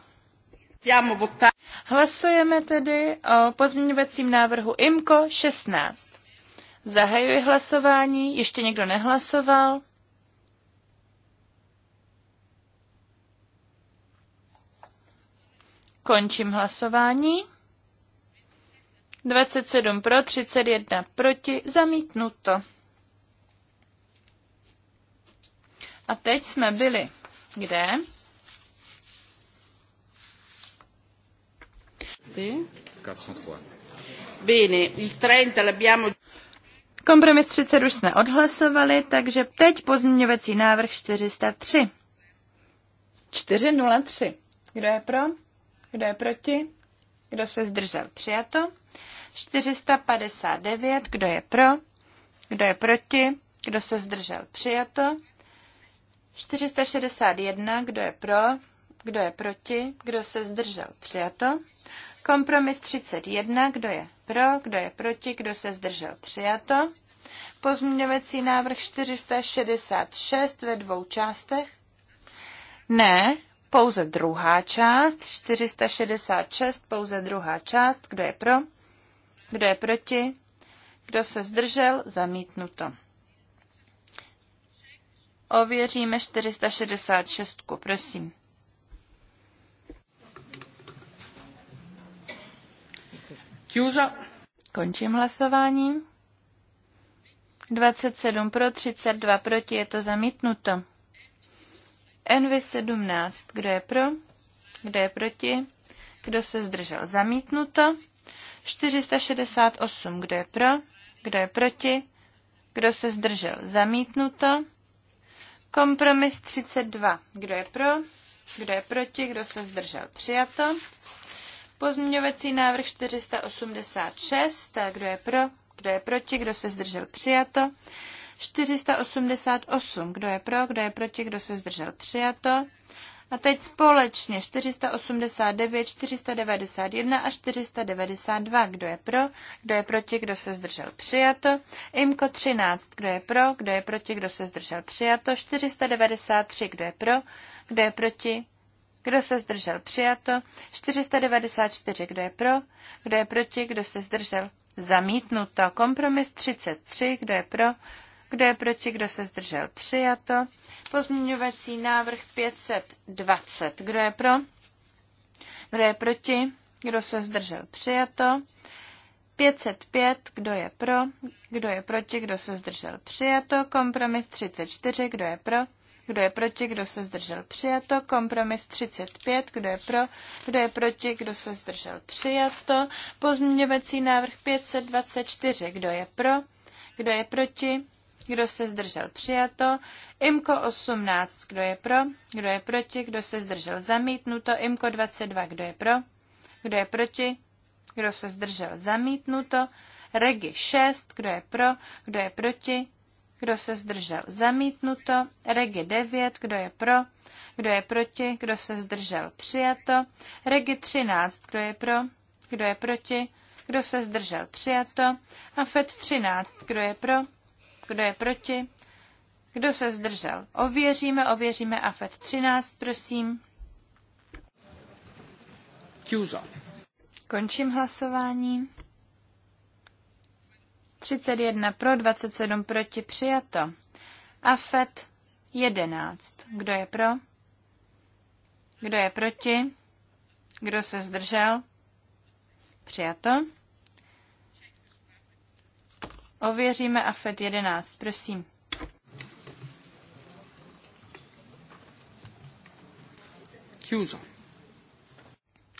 Hlasujeme tedy o pozměňovacím návrhu IMKO 16. Zahajuji hlasování. Ještě někdo nehlasoval? Končím hlasování. 27 pro, 31 proti, zamítnuto. A teď jsme byli kde? Kdy? Bene, il 30 l'abbiamo... Kompromis 30 už jsme odhlasovali, takže teď pozměňovací návrh 403. 403. Kdo je pro? Kdo je proti? Kdo se zdržel? Přijato. 459. Kdo je pro? Kdo je proti? Kdo se zdržel? Přijato. 461. Kdo je pro? Kdo je proti? Kdo se zdržel? Přijato. Kompromis 31. Kdo je pro? Kdo je proti? Kdo se zdržel? Přijato. Pozměňovací návrh 466 ve dvou částech? Ne, pouze druhá část. 466, pouze druhá část. Kdo je pro? Kdo je proti? Kdo se zdržel? Zamítnuto. Ověříme 466, prosím. Končím hlasováním. 27 pro, 32 proti, je to zamítnuto. NV17, kdo je pro, kdo je proti, kdo se zdržel, zamítnuto. 468, kdo je pro, kdo je proti, kdo se zdržel, zamítnuto. Kompromis 32, kdo je pro, kdo je proti, kdo se zdržel, přijato. Pozměňovací návrh 486, tak kdo je pro, kdo je proti, kdo se zdržel přijato. 488, kdo je pro, kdo je proti, kdo se zdržel přijato. A teď společně 489, 491 a 492. Kdo je pro, kdo je proti, kdo se zdržel přijato. Imko 13. Kdo je pro, kdo je proti, kdo se zdržel přijato. 493. Kdo je pro, kdo je proti, kdo se zdržel přijato. 494. Kdo je pro, kdo je proti, kdo se zdržel zamítnuto. Kompromis 33, kdo je pro, kdo je proti, kdo se zdržel, přijato. Pozměňovací návrh 520, kdo je pro, kdo je proti, kdo se zdržel, přijato. 505, kdo je pro, kdo je proti, kdo se zdržel, přijato. Kompromis 34, kdo je pro, kdo je proti, kdo se zdržel přijato, kompromis 35, kdo je pro, kdo je proti, kdo se zdržel přijato, pozměňovací návrh 524, kdo je pro, kdo je proti, kdo se zdržel přijato, IMKO 18, kdo je pro, kdo je proti, kdo se zdržel zamítnuto, IMKO 22, kdo je pro, kdo je proti, kdo se zdržel zamítnuto, REGI 6, kdo je pro, kdo je proti, kdo se zdržel, zamítnuto, regi 9, kdo je pro, kdo je proti, kdo se zdržel, přijato, regi 13, kdo je pro, kdo je proti, kdo se zdržel, přijato, a FED 13, kdo je pro, kdo je proti, kdo se zdržel, ověříme, ověříme a FED 13, prosím. Končím hlasování. 31 pro, 27 proti, přijato. AFET 11. Kdo je pro? Kdo je proti? Kdo se zdržel? Přijato. Ověříme AFET 11, prosím.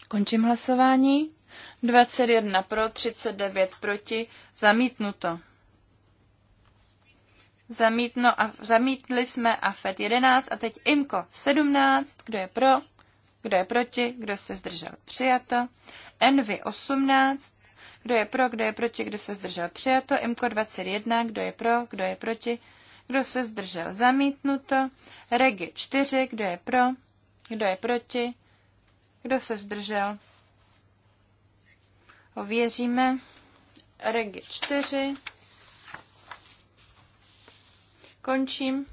Končím hlasování. 21 pro, 39 proti, zamítnuto. Zamítno a, zamítli jsme AFET 11 a teď IMKO 17, kdo je pro, kdo je proti, kdo se zdržel, přijato. ENVY 18, kdo je pro, kdo je proti, kdo se zdržel, přijato. IMKO 21, kdo je pro, kdo je proti, kdo se zdržel, zamítnuto. REGI 4, kdo je pro, kdo je proti, kdo se zdržel, Ověříme. Regi 4. Končím.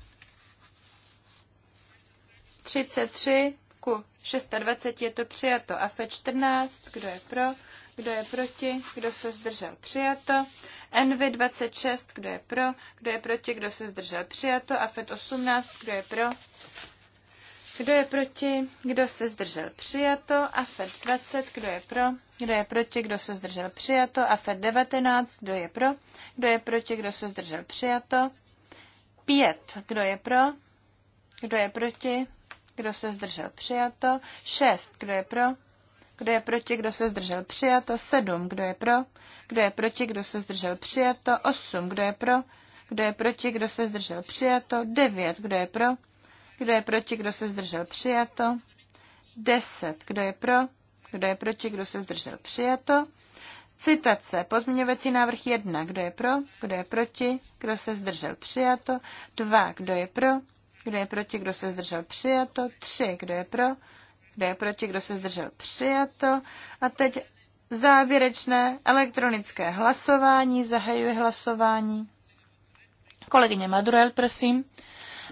33 ku 26 je to přijato. A FE 14, kdo je pro, kdo je proti, kdo se zdržel přijato. NV 26, kdo je pro, kdo je proti, kdo se zdržel přijato. A FE 18, kdo je pro, kdo je proti, kdo se zdržel přijato. A FE 20, kdo je pro, kdo je proti, kdo se zdržel přijato. AFED 19, kdo je pro, kdo je proti, kdo se zdržel přijato. 5, kdo je pro, kdo je proti, kdo se zdržel přijato. 6, kdo je pro, kdo je proti, kdo se zdržel přijato. 7, kdo je pro, kdo je proti, kdo se zdržel přijato. 8, kdo je pro, kdo je proti, kdo se zdržel přijato. 9, kdo je pro, kdo je proti, kdo se zdržel přijato. 10, kdo je pro, kdo je proti, kdo se zdržel, přijato. Citace, pozměňovací návrh 1, kdo je pro, kdo je proti, kdo se zdržel, přijato. 2, kdo je pro, kdo je proti, kdo se zdržel, přijato. 3, kdo je pro, kdo je proti, kdo se zdržel, přijato. A teď závěrečné elektronické hlasování, Zahajuji hlasování. Kolegyně Madurel, prosím.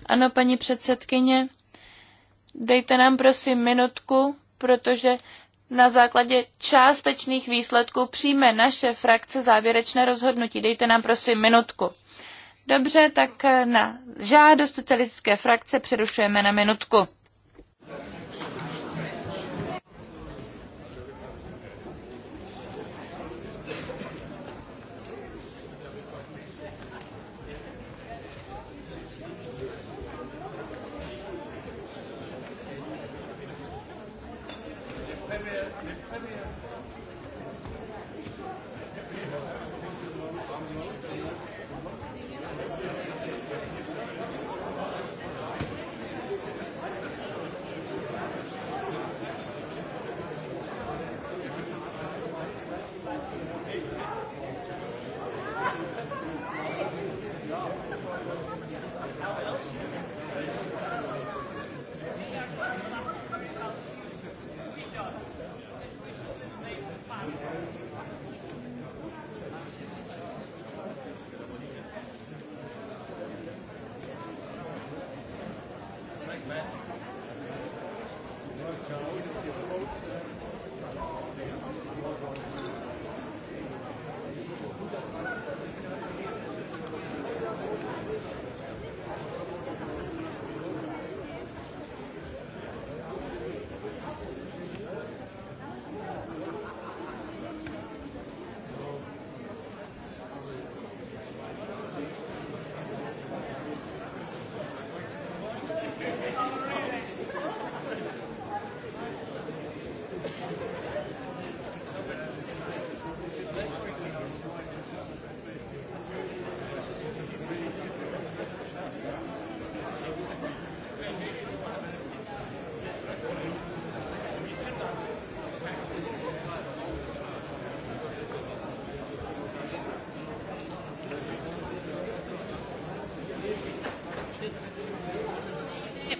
Ano, paní předsedkyně, dejte nám prosím minutku, protože na základě částečných výsledků přijme naše frakce závěrečné rozhodnutí. Dejte nám prosím minutku. Dobře, tak na žádost socialistické frakce přerušujeme na minutku.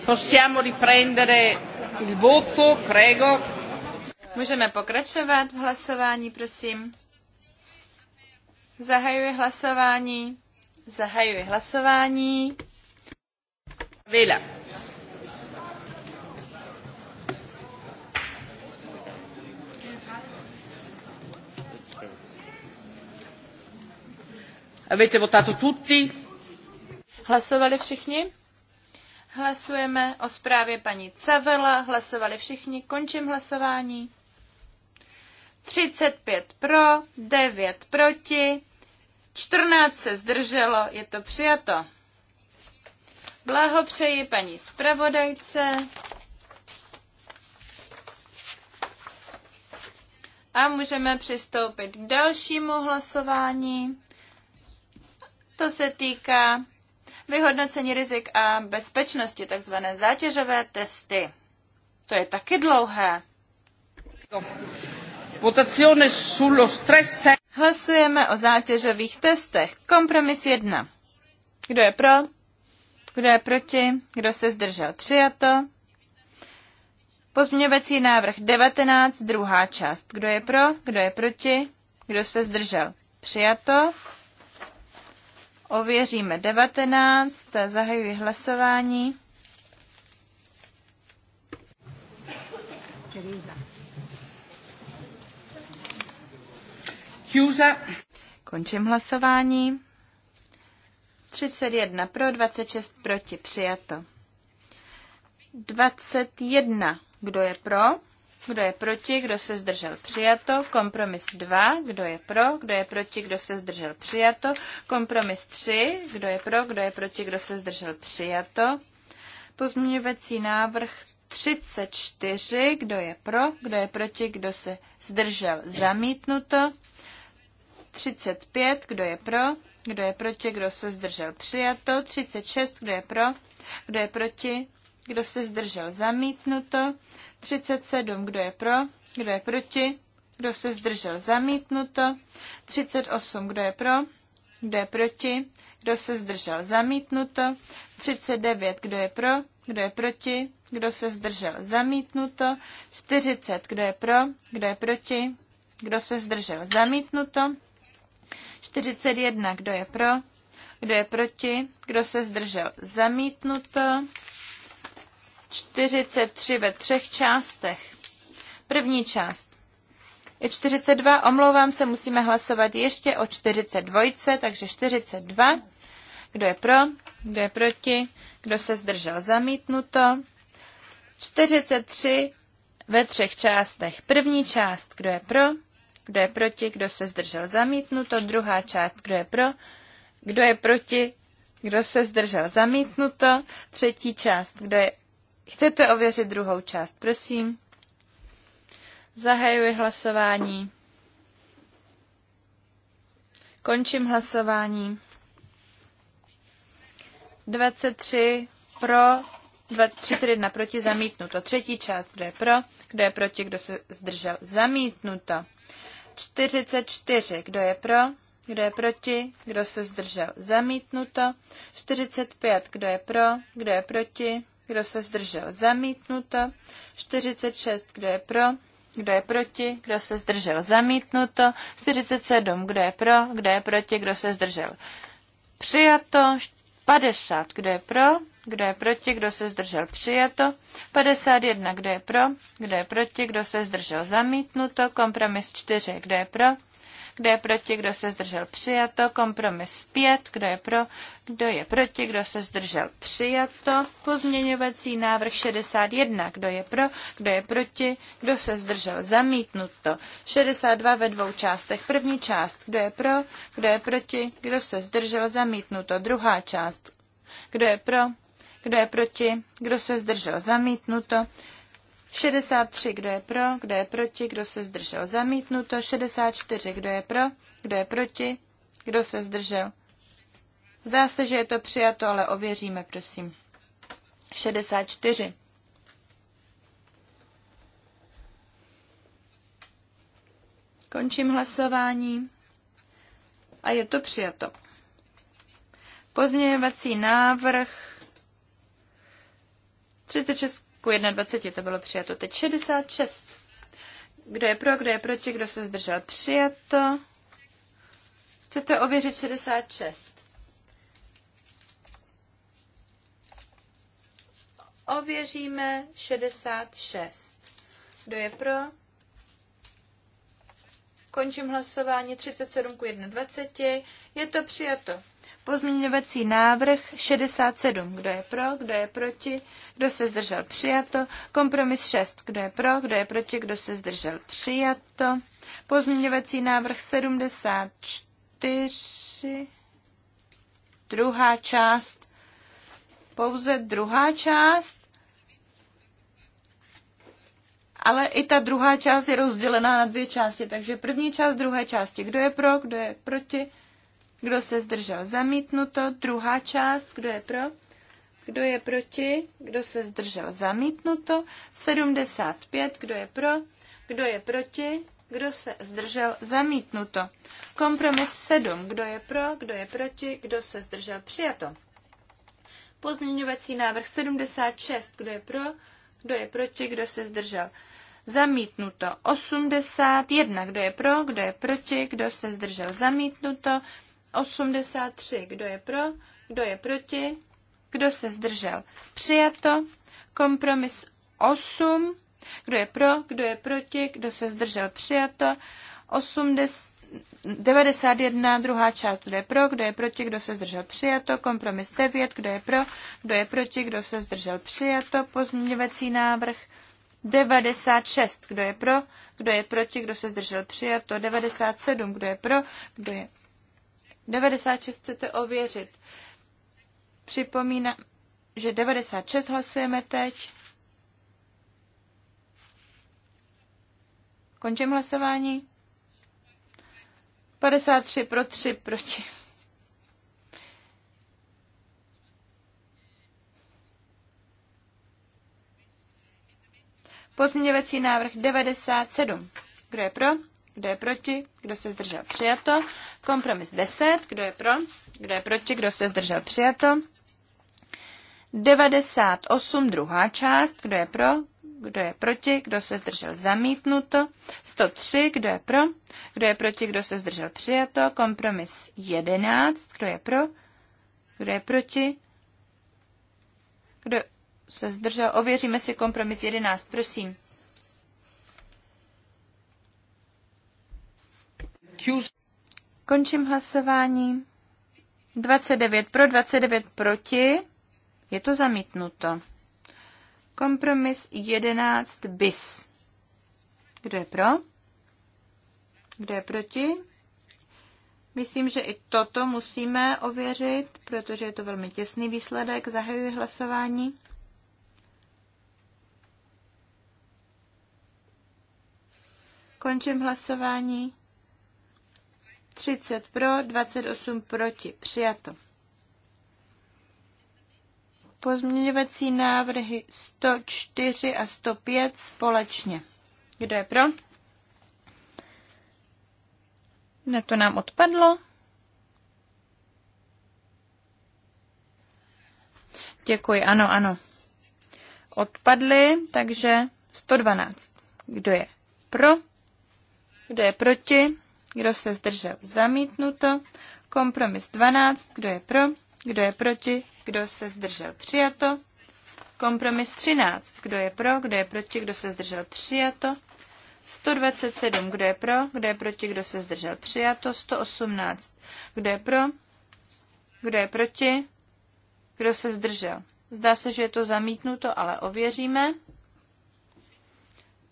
Possiamo riprendere il voto, prego. Můžeme pokračovat v hlasování, prosím. Zahajuji hlasování. Zahajuji hlasování. Vila. Avete votato tutti? Hlasovali všichni? Hlasujeme o zprávě paní Cavela. Hlasovali všichni. Končím hlasování. 35 pro, 9 proti, 14 se zdrželo, je to přijato. Blahopřeji paní zpravodajce. A můžeme přistoupit k dalšímu hlasování. To se týká vyhodnocení rizik a bezpečnosti, takzvané zátěžové testy. To je taky dlouhé. Hlasujeme o zátěžových testech. Kompromis 1. Kdo je pro? Kdo je proti? Kdo se zdržel? Přijato. Pozměňovací návrh 19, druhá část. Kdo je pro? Kdo je proti? Kdo se zdržel? Přijato. Ověříme 19, zahajuji hlasování. Chiusa. Končím hlasování. 31 pro, 26 proti, přijato. 21. Kdo je pro? Kdo je proti? Kdo se zdržel? Přijato. Kompromis 2. Kdo je pro? Kdo je proti? Kdo se zdržel? Přijato. Kompromis 3. Kdo je pro? Kdo je proti? Kdo se zdržel? Přijato. Pozměňovací návrh 34. Kdo je pro? Kdo je proti? Kdo se zdržel? Zamítnuto. 35. Kdo je pro? Kdo je proti? Kdo se zdržel? Přijato. 36. Kdo je pro? Kdo je proti? kdo se zdržel zamítnuto, 37, kdo je pro, kdo je proti, kdo se zdržel zamítnuto, 38, kdo je pro, kdo je proti, kdo se zdržel zamítnuto, 39, kdo je pro, kdo je proti, kdo se zdržel zamítnuto, 40, kdo je pro, kdo je proti, kdo se zdržel zamítnuto, 41, kdo je pro, kdo je proti, kdo se zdržel zamítnuto, 43 ve třech částech. První část. Je 42, omlouvám se, musíme hlasovat ještě o 42, takže 42. Kdo je pro? Kdo je proti? Kdo se zdržel? Zamítnuto. 43 ve třech částech. První část, kdo je pro? Kdo je proti? Kdo se zdržel? Zamítnuto. Druhá část, kdo je pro? Kdo je proti? Kdo se zdržel? Zamítnuto. Třetí část, kdo je Chcete ověřit druhou část, prosím. Zahajuji hlasování. Končím hlasování. 23 pro, 31 proti, zamítnuto. Třetí část, kdo je pro, kdo je proti, kdo se zdržel, zamítnuto. 44, kdo je pro, kdo je proti, kdo se zdržel, zamítnuto. 45, kdo je pro, kdo je proti, kdo se zdržel, zamítnuto. 46, kdo je pro, kdo je proti, kdo se zdržel, zamítnuto. 47, kdo je pro, kdo je proti, kdo se zdržel. Přijato 50, kdo je pro, kdo je proti, kdo se zdržel, přijato. 51, kdo je pro, kdo je proti, kdo se zdržel, zamítnuto. Kompromis 4, kdo je pro, kdo je proti, kdo se zdržel přijato, kompromis 5, kdo je pro, kdo je proti, kdo se zdržel přijato, pozměňovací návrh 61, kdo je pro, kdo je proti, kdo se zdržel zamítnuto, 62 ve dvou částech, první část, kdo je pro, kdo je proti, kdo se zdržel zamítnuto, druhá část, kdo je pro, kdo je proti, kdo se zdržel zamítnuto, 63, kdo je pro, kdo je proti, kdo se zdržel. Zamítnuto 64, kdo je pro, kdo je proti, kdo se zdržel. Zdá se, že je to přijato, ale ověříme, prosím. 64. Končím hlasování a je to přijato. Pozměňovací návrh 36 ku 21 to bylo přijato. Teď 66. Kdo je pro, kdo je proti, kdo se zdržel přijato. Chcete ověřit 66. Ověříme 66. Kdo je pro? Končím hlasování 37 k 21. Je to přijato. Pozměňovací návrh 67. Kdo je pro, kdo je proti, kdo se zdržel přijato. Kompromis 6. Kdo je pro, kdo je proti, kdo se zdržel přijato. Pozměňovací návrh 74. Druhá část. Pouze druhá část. Ale i ta druhá část je rozdělená na dvě části, takže první část druhé části. Kdo je pro, kdo je proti, kdo se zdržel? Zamítnuto. Druhá část. Kdo je pro? Kdo je proti? Kdo se zdržel? Zamítnuto. 75. Kdo je pro? Kdo je proti? Kdo se zdržel? Zamítnuto. Kompromis 7. Kdo je pro? Kdo je proti? Kdo se zdržel? Přijato. Pozměňovací návrh 76. Kdo je pro? Kdo je proti? Kdo se zdržel? Zamítnuto. 81. Kdo je pro? Kdo je proti? Kdo se zdržel? Zamítnuto. 83. Kdo je pro? Kdo je proti? Kdo se zdržel? Přijato. Kompromis 8. Kdo je pro? Kdo je proti? Kdo se zdržel? Přijato. 80, 91. Druhá část. Kdo je pro? Kdo je proti? Kdo se zdržel? Přijato. Kompromis 9. Kdo je pro? Kdo je proti? Kdo se zdržel? Přijato. Pozměňovací návrh 96. Kdo je pro? Kdo je proti? Kdo se zdržel? Přijato. 97. Kdo je pro? Kdo je 96 chcete ověřit. Připomínám, že 96 hlasujeme teď. Končím hlasování. 53 pro 3 proti. Pozměňovací návrh 97. Kdo je pro? Kdo je proti? Kdo se zdržel? Přijato. Kompromis 10. Kdo je pro? Kdo je proti? Kdo se zdržel? Přijato. 98. Druhá část. Kdo je pro? Kdo je proti? Kdo se zdržel? Zamítnuto. 103. Kdo je pro? Kdo je proti? Kdo se zdržel? Přijato. Kompromis 11. Kdo je pro? Kdo je proti? Kdo se zdržel? Ověříme si kompromis 11. Prosím. Končím hlasování. 29 pro, 29 proti. Je to zamítnuto. Kompromis 11 bis. Kdo je pro? Kdo je proti? Myslím, že i toto musíme ověřit, protože je to velmi těsný výsledek. Zahajuji hlasování. Končím hlasování. 30 pro, 28 proti. Přijato. Pozměňovací návrhy 104 a 105 společně. Kdo je pro? Ne, to nám odpadlo. Děkuji, ano, ano. Odpadly, takže 112. Kdo je pro? Kdo je proti? kdo se zdržel, zamítnuto. Kompromis 12, kdo je pro, kdo je proti, kdo se zdržel, přijato. Kompromis 13, kdo je pro, kdo je proti, kdo se zdržel, přijato. 127, kdo je pro, kdo je proti, kdo se zdržel, přijato. 118, kdo je pro, kdo je proti, kdo se zdržel. Zdá se, že je to zamítnuto, ale ověříme.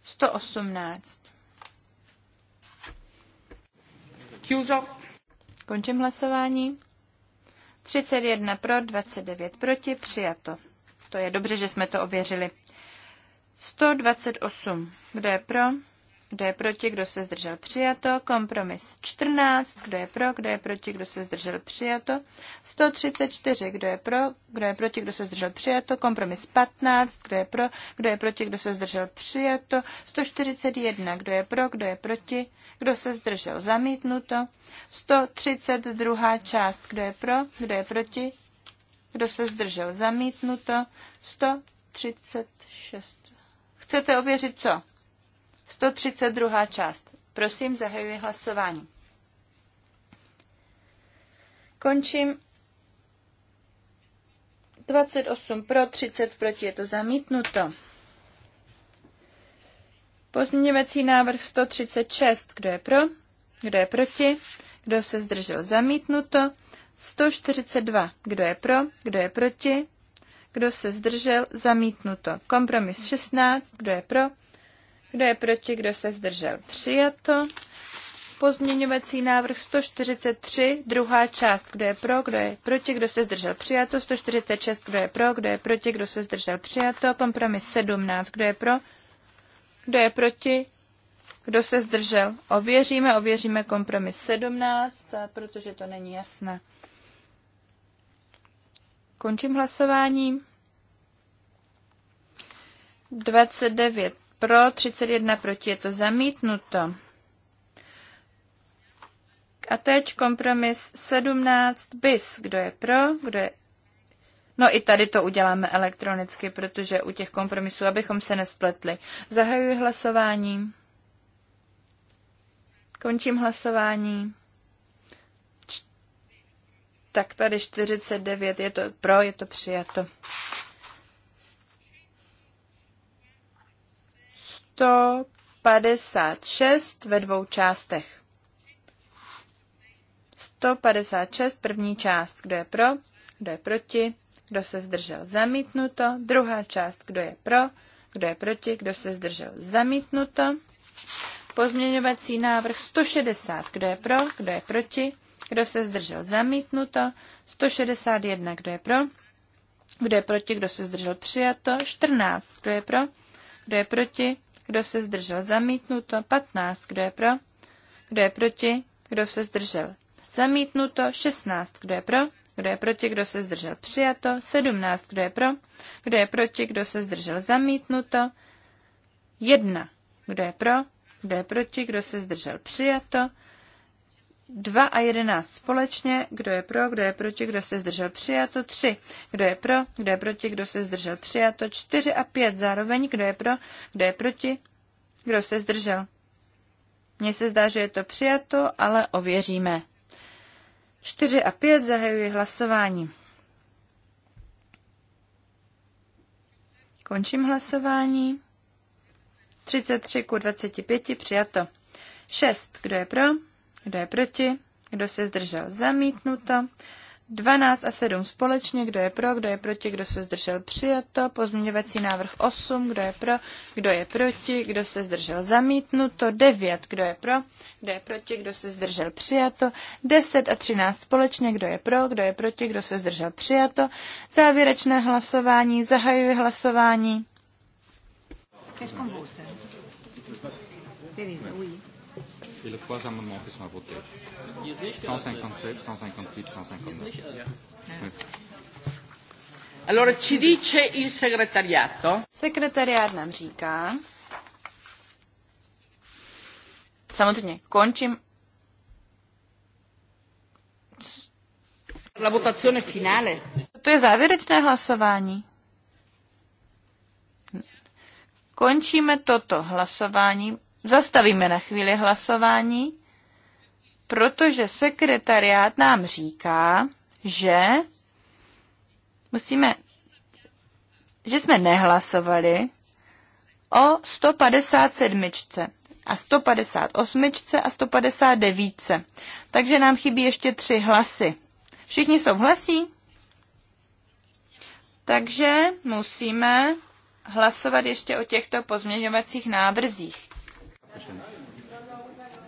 118. Chiuso. Končím hlasování. 31 pro, 29 proti, přijato. To je dobře, že jsme to ověřili. 128. Kdo je pro? kdo je proti, kdo se zdržel přijato, kompromis 14, kdo je pro, kdo je proti, kdo se zdržel přijato, 134, kdo je pro, kdo je proti, kdo se zdržel přijato, kompromis 15, kdo je pro, kdo je proti, kdo se zdržel přijato, 141, kdo je pro, kdo je proti, kdo se zdržel zamítnuto, 132. část, kdo je pro, kdo je proti, kdo se zdržel zamítnuto, 136. Chcete ověřit co? 132. část. Prosím, zahajuji hlasování. Končím. 28 pro, 30 proti, je to zamítnuto. Pozměňovací návrh 136. Kdo je pro? Kdo je proti? Kdo se zdržel? Zamítnuto. 142. Kdo je pro? Kdo je proti? Kdo se zdržel? Zamítnuto. Kompromis 16. Kdo je pro? Kdo je proti, kdo se zdržel? Přijato. Pozměňovací návrh 143, druhá část, kdo je pro, kdo je proti, kdo se zdržel přijato, 146, kdo je pro, kdo je proti, kdo se zdržel přijato, kompromis 17, kdo je pro, kdo je proti, kdo se zdržel. Ověříme, ověříme kompromis 17, protože to není jasné. Končím hlasování. 29 pro, 31 proti, je to zamítnuto. A teď kompromis 17 bis. Kdo je pro, kdo je... No i tady to uděláme elektronicky, protože u těch kompromisů, abychom se nespletli. Zahajuji hlasování. Končím hlasování. Tak tady 49, je to pro, je to přijato. 156 ve dvou částech. 156 první část, kdo je pro, kdo je proti, kdo se zdržel zamítnuto, druhá část, kdo je pro, kdo je proti, kdo se zdržel zamítnuto. Pozměňovací návrh 160, kdo je pro, kdo je proti, kdo se zdržel zamítnuto, 161, kdo je pro, kdo je proti, kdo se zdržel přijato, 14, kdo je pro, kdo je proti, kdo se zdržel zamítnuto, 15, kdo je pro, kdo je proti, kdo se zdržel zamítnuto, 16, kdo je pro, kdo je proti, kdo se zdržel přijato, 17, kdo je pro, kdo je proti, kdo se zdržel zamítnuto, 1, kdo je pro, kdo je proti, kdo se zdržel přijato, 2 a 11 společně. Kdo je pro, kdo je proti, kdo se zdržel přijato. 3. Kdo je pro, kdo je proti, kdo se zdržel přijato. 4 a 5 zároveň. Kdo je pro, kdo je proti, kdo se zdržel. Mně se zdá, že je to přijato, ale ověříme. 4 a 5 zahajuji hlasování. Končím hlasování. 33 ku 25 přijato. 6. Kdo je pro? Kdo je proti? Kdo se zdržel? Zamítnuto. 12 a 7 společně, kdo je pro, kdo je proti, kdo se zdržel přijato, pozměňovací návrh 8, kdo je pro, kdo je proti, kdo se zdržel zamítnuto, 9, kdo je pro, kdo je proti, kdo se zdržel přijato, 10 a 13 společně, kdo je pro, kdo je proti, kdo se zdržel přijato, závěrečné hlasování, zahajuji hlasování. Qu'est-ce qu'on vote? et les trois amendements qui sont à voter. 157, 158, 159. Oui. Allora ci dice il segretariato. Sekretariát nam říká. Samozřejmě, končím. La votazione finale. To je závěrečné hlasování. Končíme toto hlasování zastavíme na chvíli hlasování, protože sekretariát nám říká, že musíme, že jsme nehlasovali o 157 a 158 a 159. Takže nám chybí ještě tři hlasy. Všichni souhlasí? Takže musíme hlasovat ještě o těchto pozměňovacích návrzích.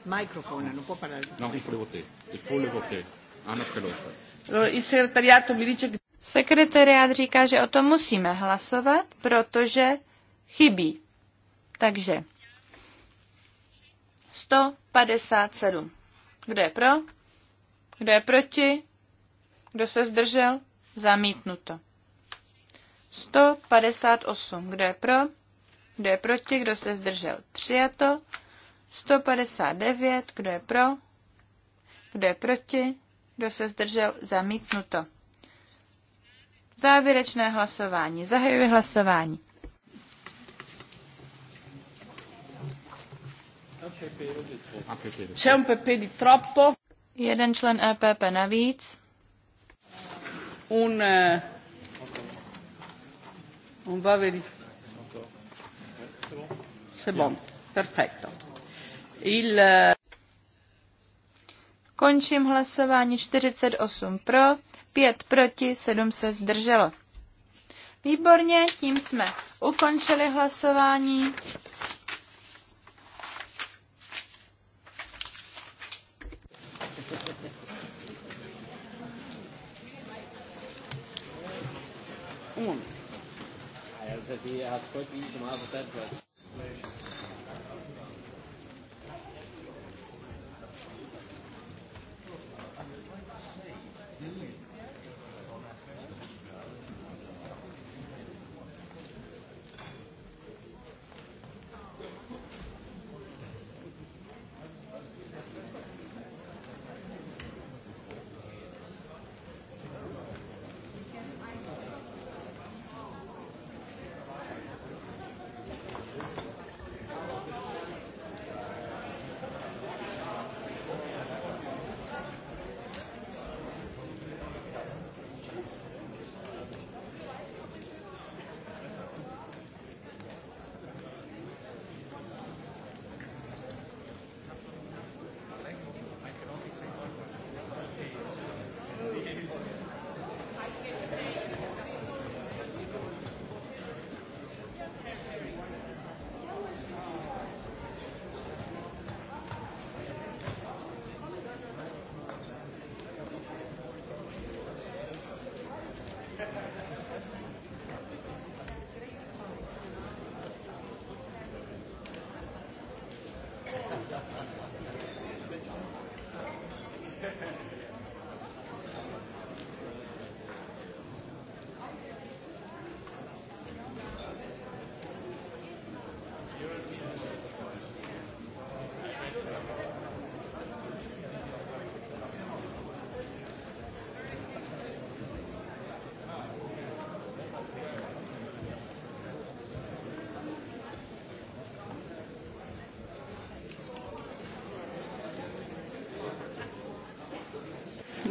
Microfono, non può parlare. No, il faut le voter. Il faut le voter. Sekretariát říká, že o tom musíme hlasovat, protože chybí. Takže 157. Kdo je pro? Kdo je proti? Kdo se zdržel? Zamítnuto. 158. Kdo je pro? Kdo je proti? Kdo se zdržel? Přijato. 159. Kdo je pro? Kdo je proti? Kdo se zdržel? Zamítnuto. Závěrečné hlasování. Zahajuji hlasování. C'è di troppo. Jeden člen EPP navíc. Un, un eh, va verificare. C'est bon. Perfetto. Il... Končím hlasování 48 pro, 5 proti, 7 se zdrželo. Výborně, tím jsme ukončili hlasování. Um. Ja, das ist ja, hast Gott, wie ich schon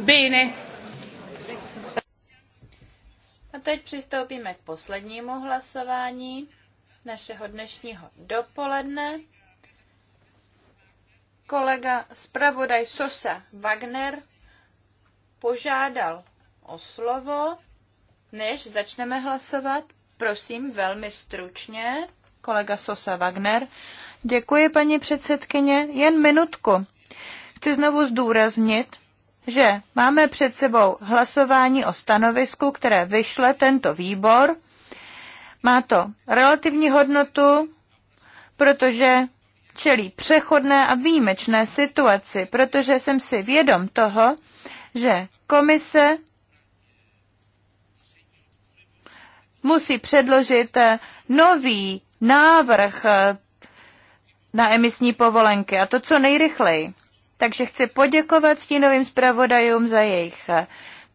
Bene. A teď přistoupíme k poslednímu hlasování našeho dnešního dopoledne. Kolega zpravodaj Sosa Wagner požádal o slovo, než začneme hlasovat. Prosím, velmi stručně. Kolega Sosa Wagner. Děkuji, paní předsedkyně. Jen minutku. Chci znovu zdůraznit, že máme před sebou hlasování o stanovisku, které vyšle tento výbor. Má to relativní hodnotu, protože čelí přechodné a výjimečné situaci, protože jsem si vědom toho, že komise musí předložit eh, nový návrh eh, na emisní povolenky a to co nejrychleji. Takže chci poděkovat stínovým zpravodajům za jejich eh,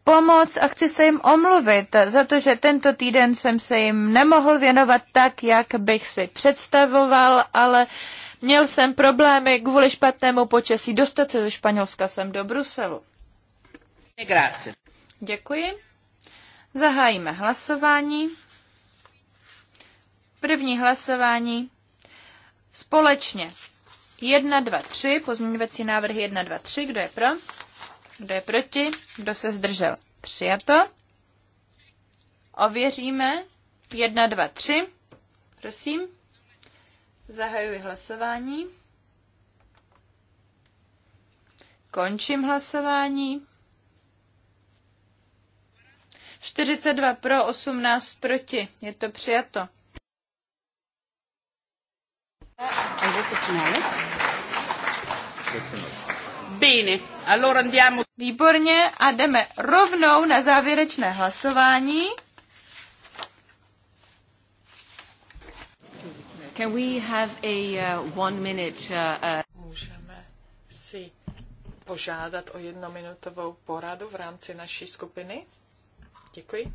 pomoc a chci se jim omluvit za to, že tento týden jsem se jim nemohl věnovat tak, jak bych si představoval, ale měl jsem problémy kvůli špatnému počasí dostat se ze Španělska sem do Bruselu. Grazie. Děkuji. Zahájíme hlasování. První hlasování společně 1, 2, 3, pozměňovací návrhy 1, 2, 3, kdo je pro, kdo je proti, kdo se zdržel, přijato. Ověříme 1, 2, 3, prosím, zahajuji hlasování. Končím hlasování. 42 pro, 18 proti. Je to přijato. Bene, allora andiamo. Výborně a jdeme rovnou na závěrečné hlasování. Can we have a uh, one minute, uh, uh... Můžeme si požádat o jednominutovou poradu v rámci naší skupiny? Děkuji.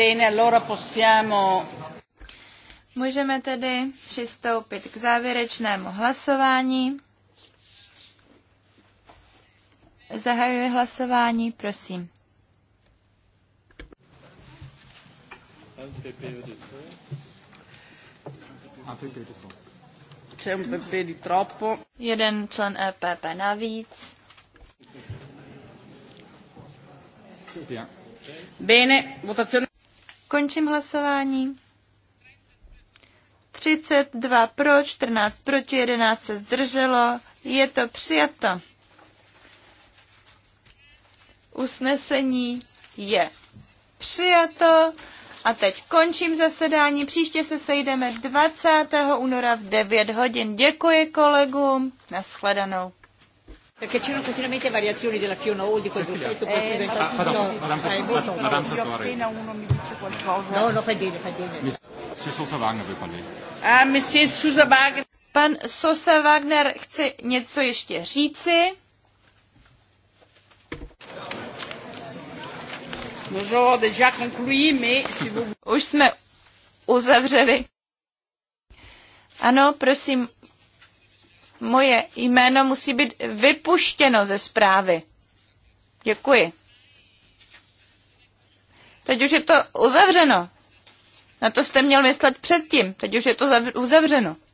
Bene, allora possiamo... Můžeme tedy přistoupit k závěrečnému hlasování. Zahajuji hlasování, prosím. PP troppo. Jeden člen EPP navíc. Bene, votazione. Končím hlasování. 32 pro, 14 proti, 11 se zdrželo. Je to přijato. Usnesení je přijato. A teď končím zasedání. Příště se sejdeme 20. února v 9 hodin. Děkuji kolegům. Naschledanou. Perché c'erano continuamente variazioni della Fiona Hall di quel gruppetto, eh, poi eh, diventa ah, Madame, Madame, Appena uno mi dice qualcosa. No, no, fai bene, fai bene. Monsieur Sosa Wagner Ah, Monsieur Sosa Wagner. Pan Sosa Wagner chce něco ještě říci. Už jsme uzavřeli. Ano, prosím, moje jméno musí být vypuštěno ze zprávy. Děkuji. Teď už je to uzavřeno. Na to jste měl myslet předtím. Teď už je to uzavřeno.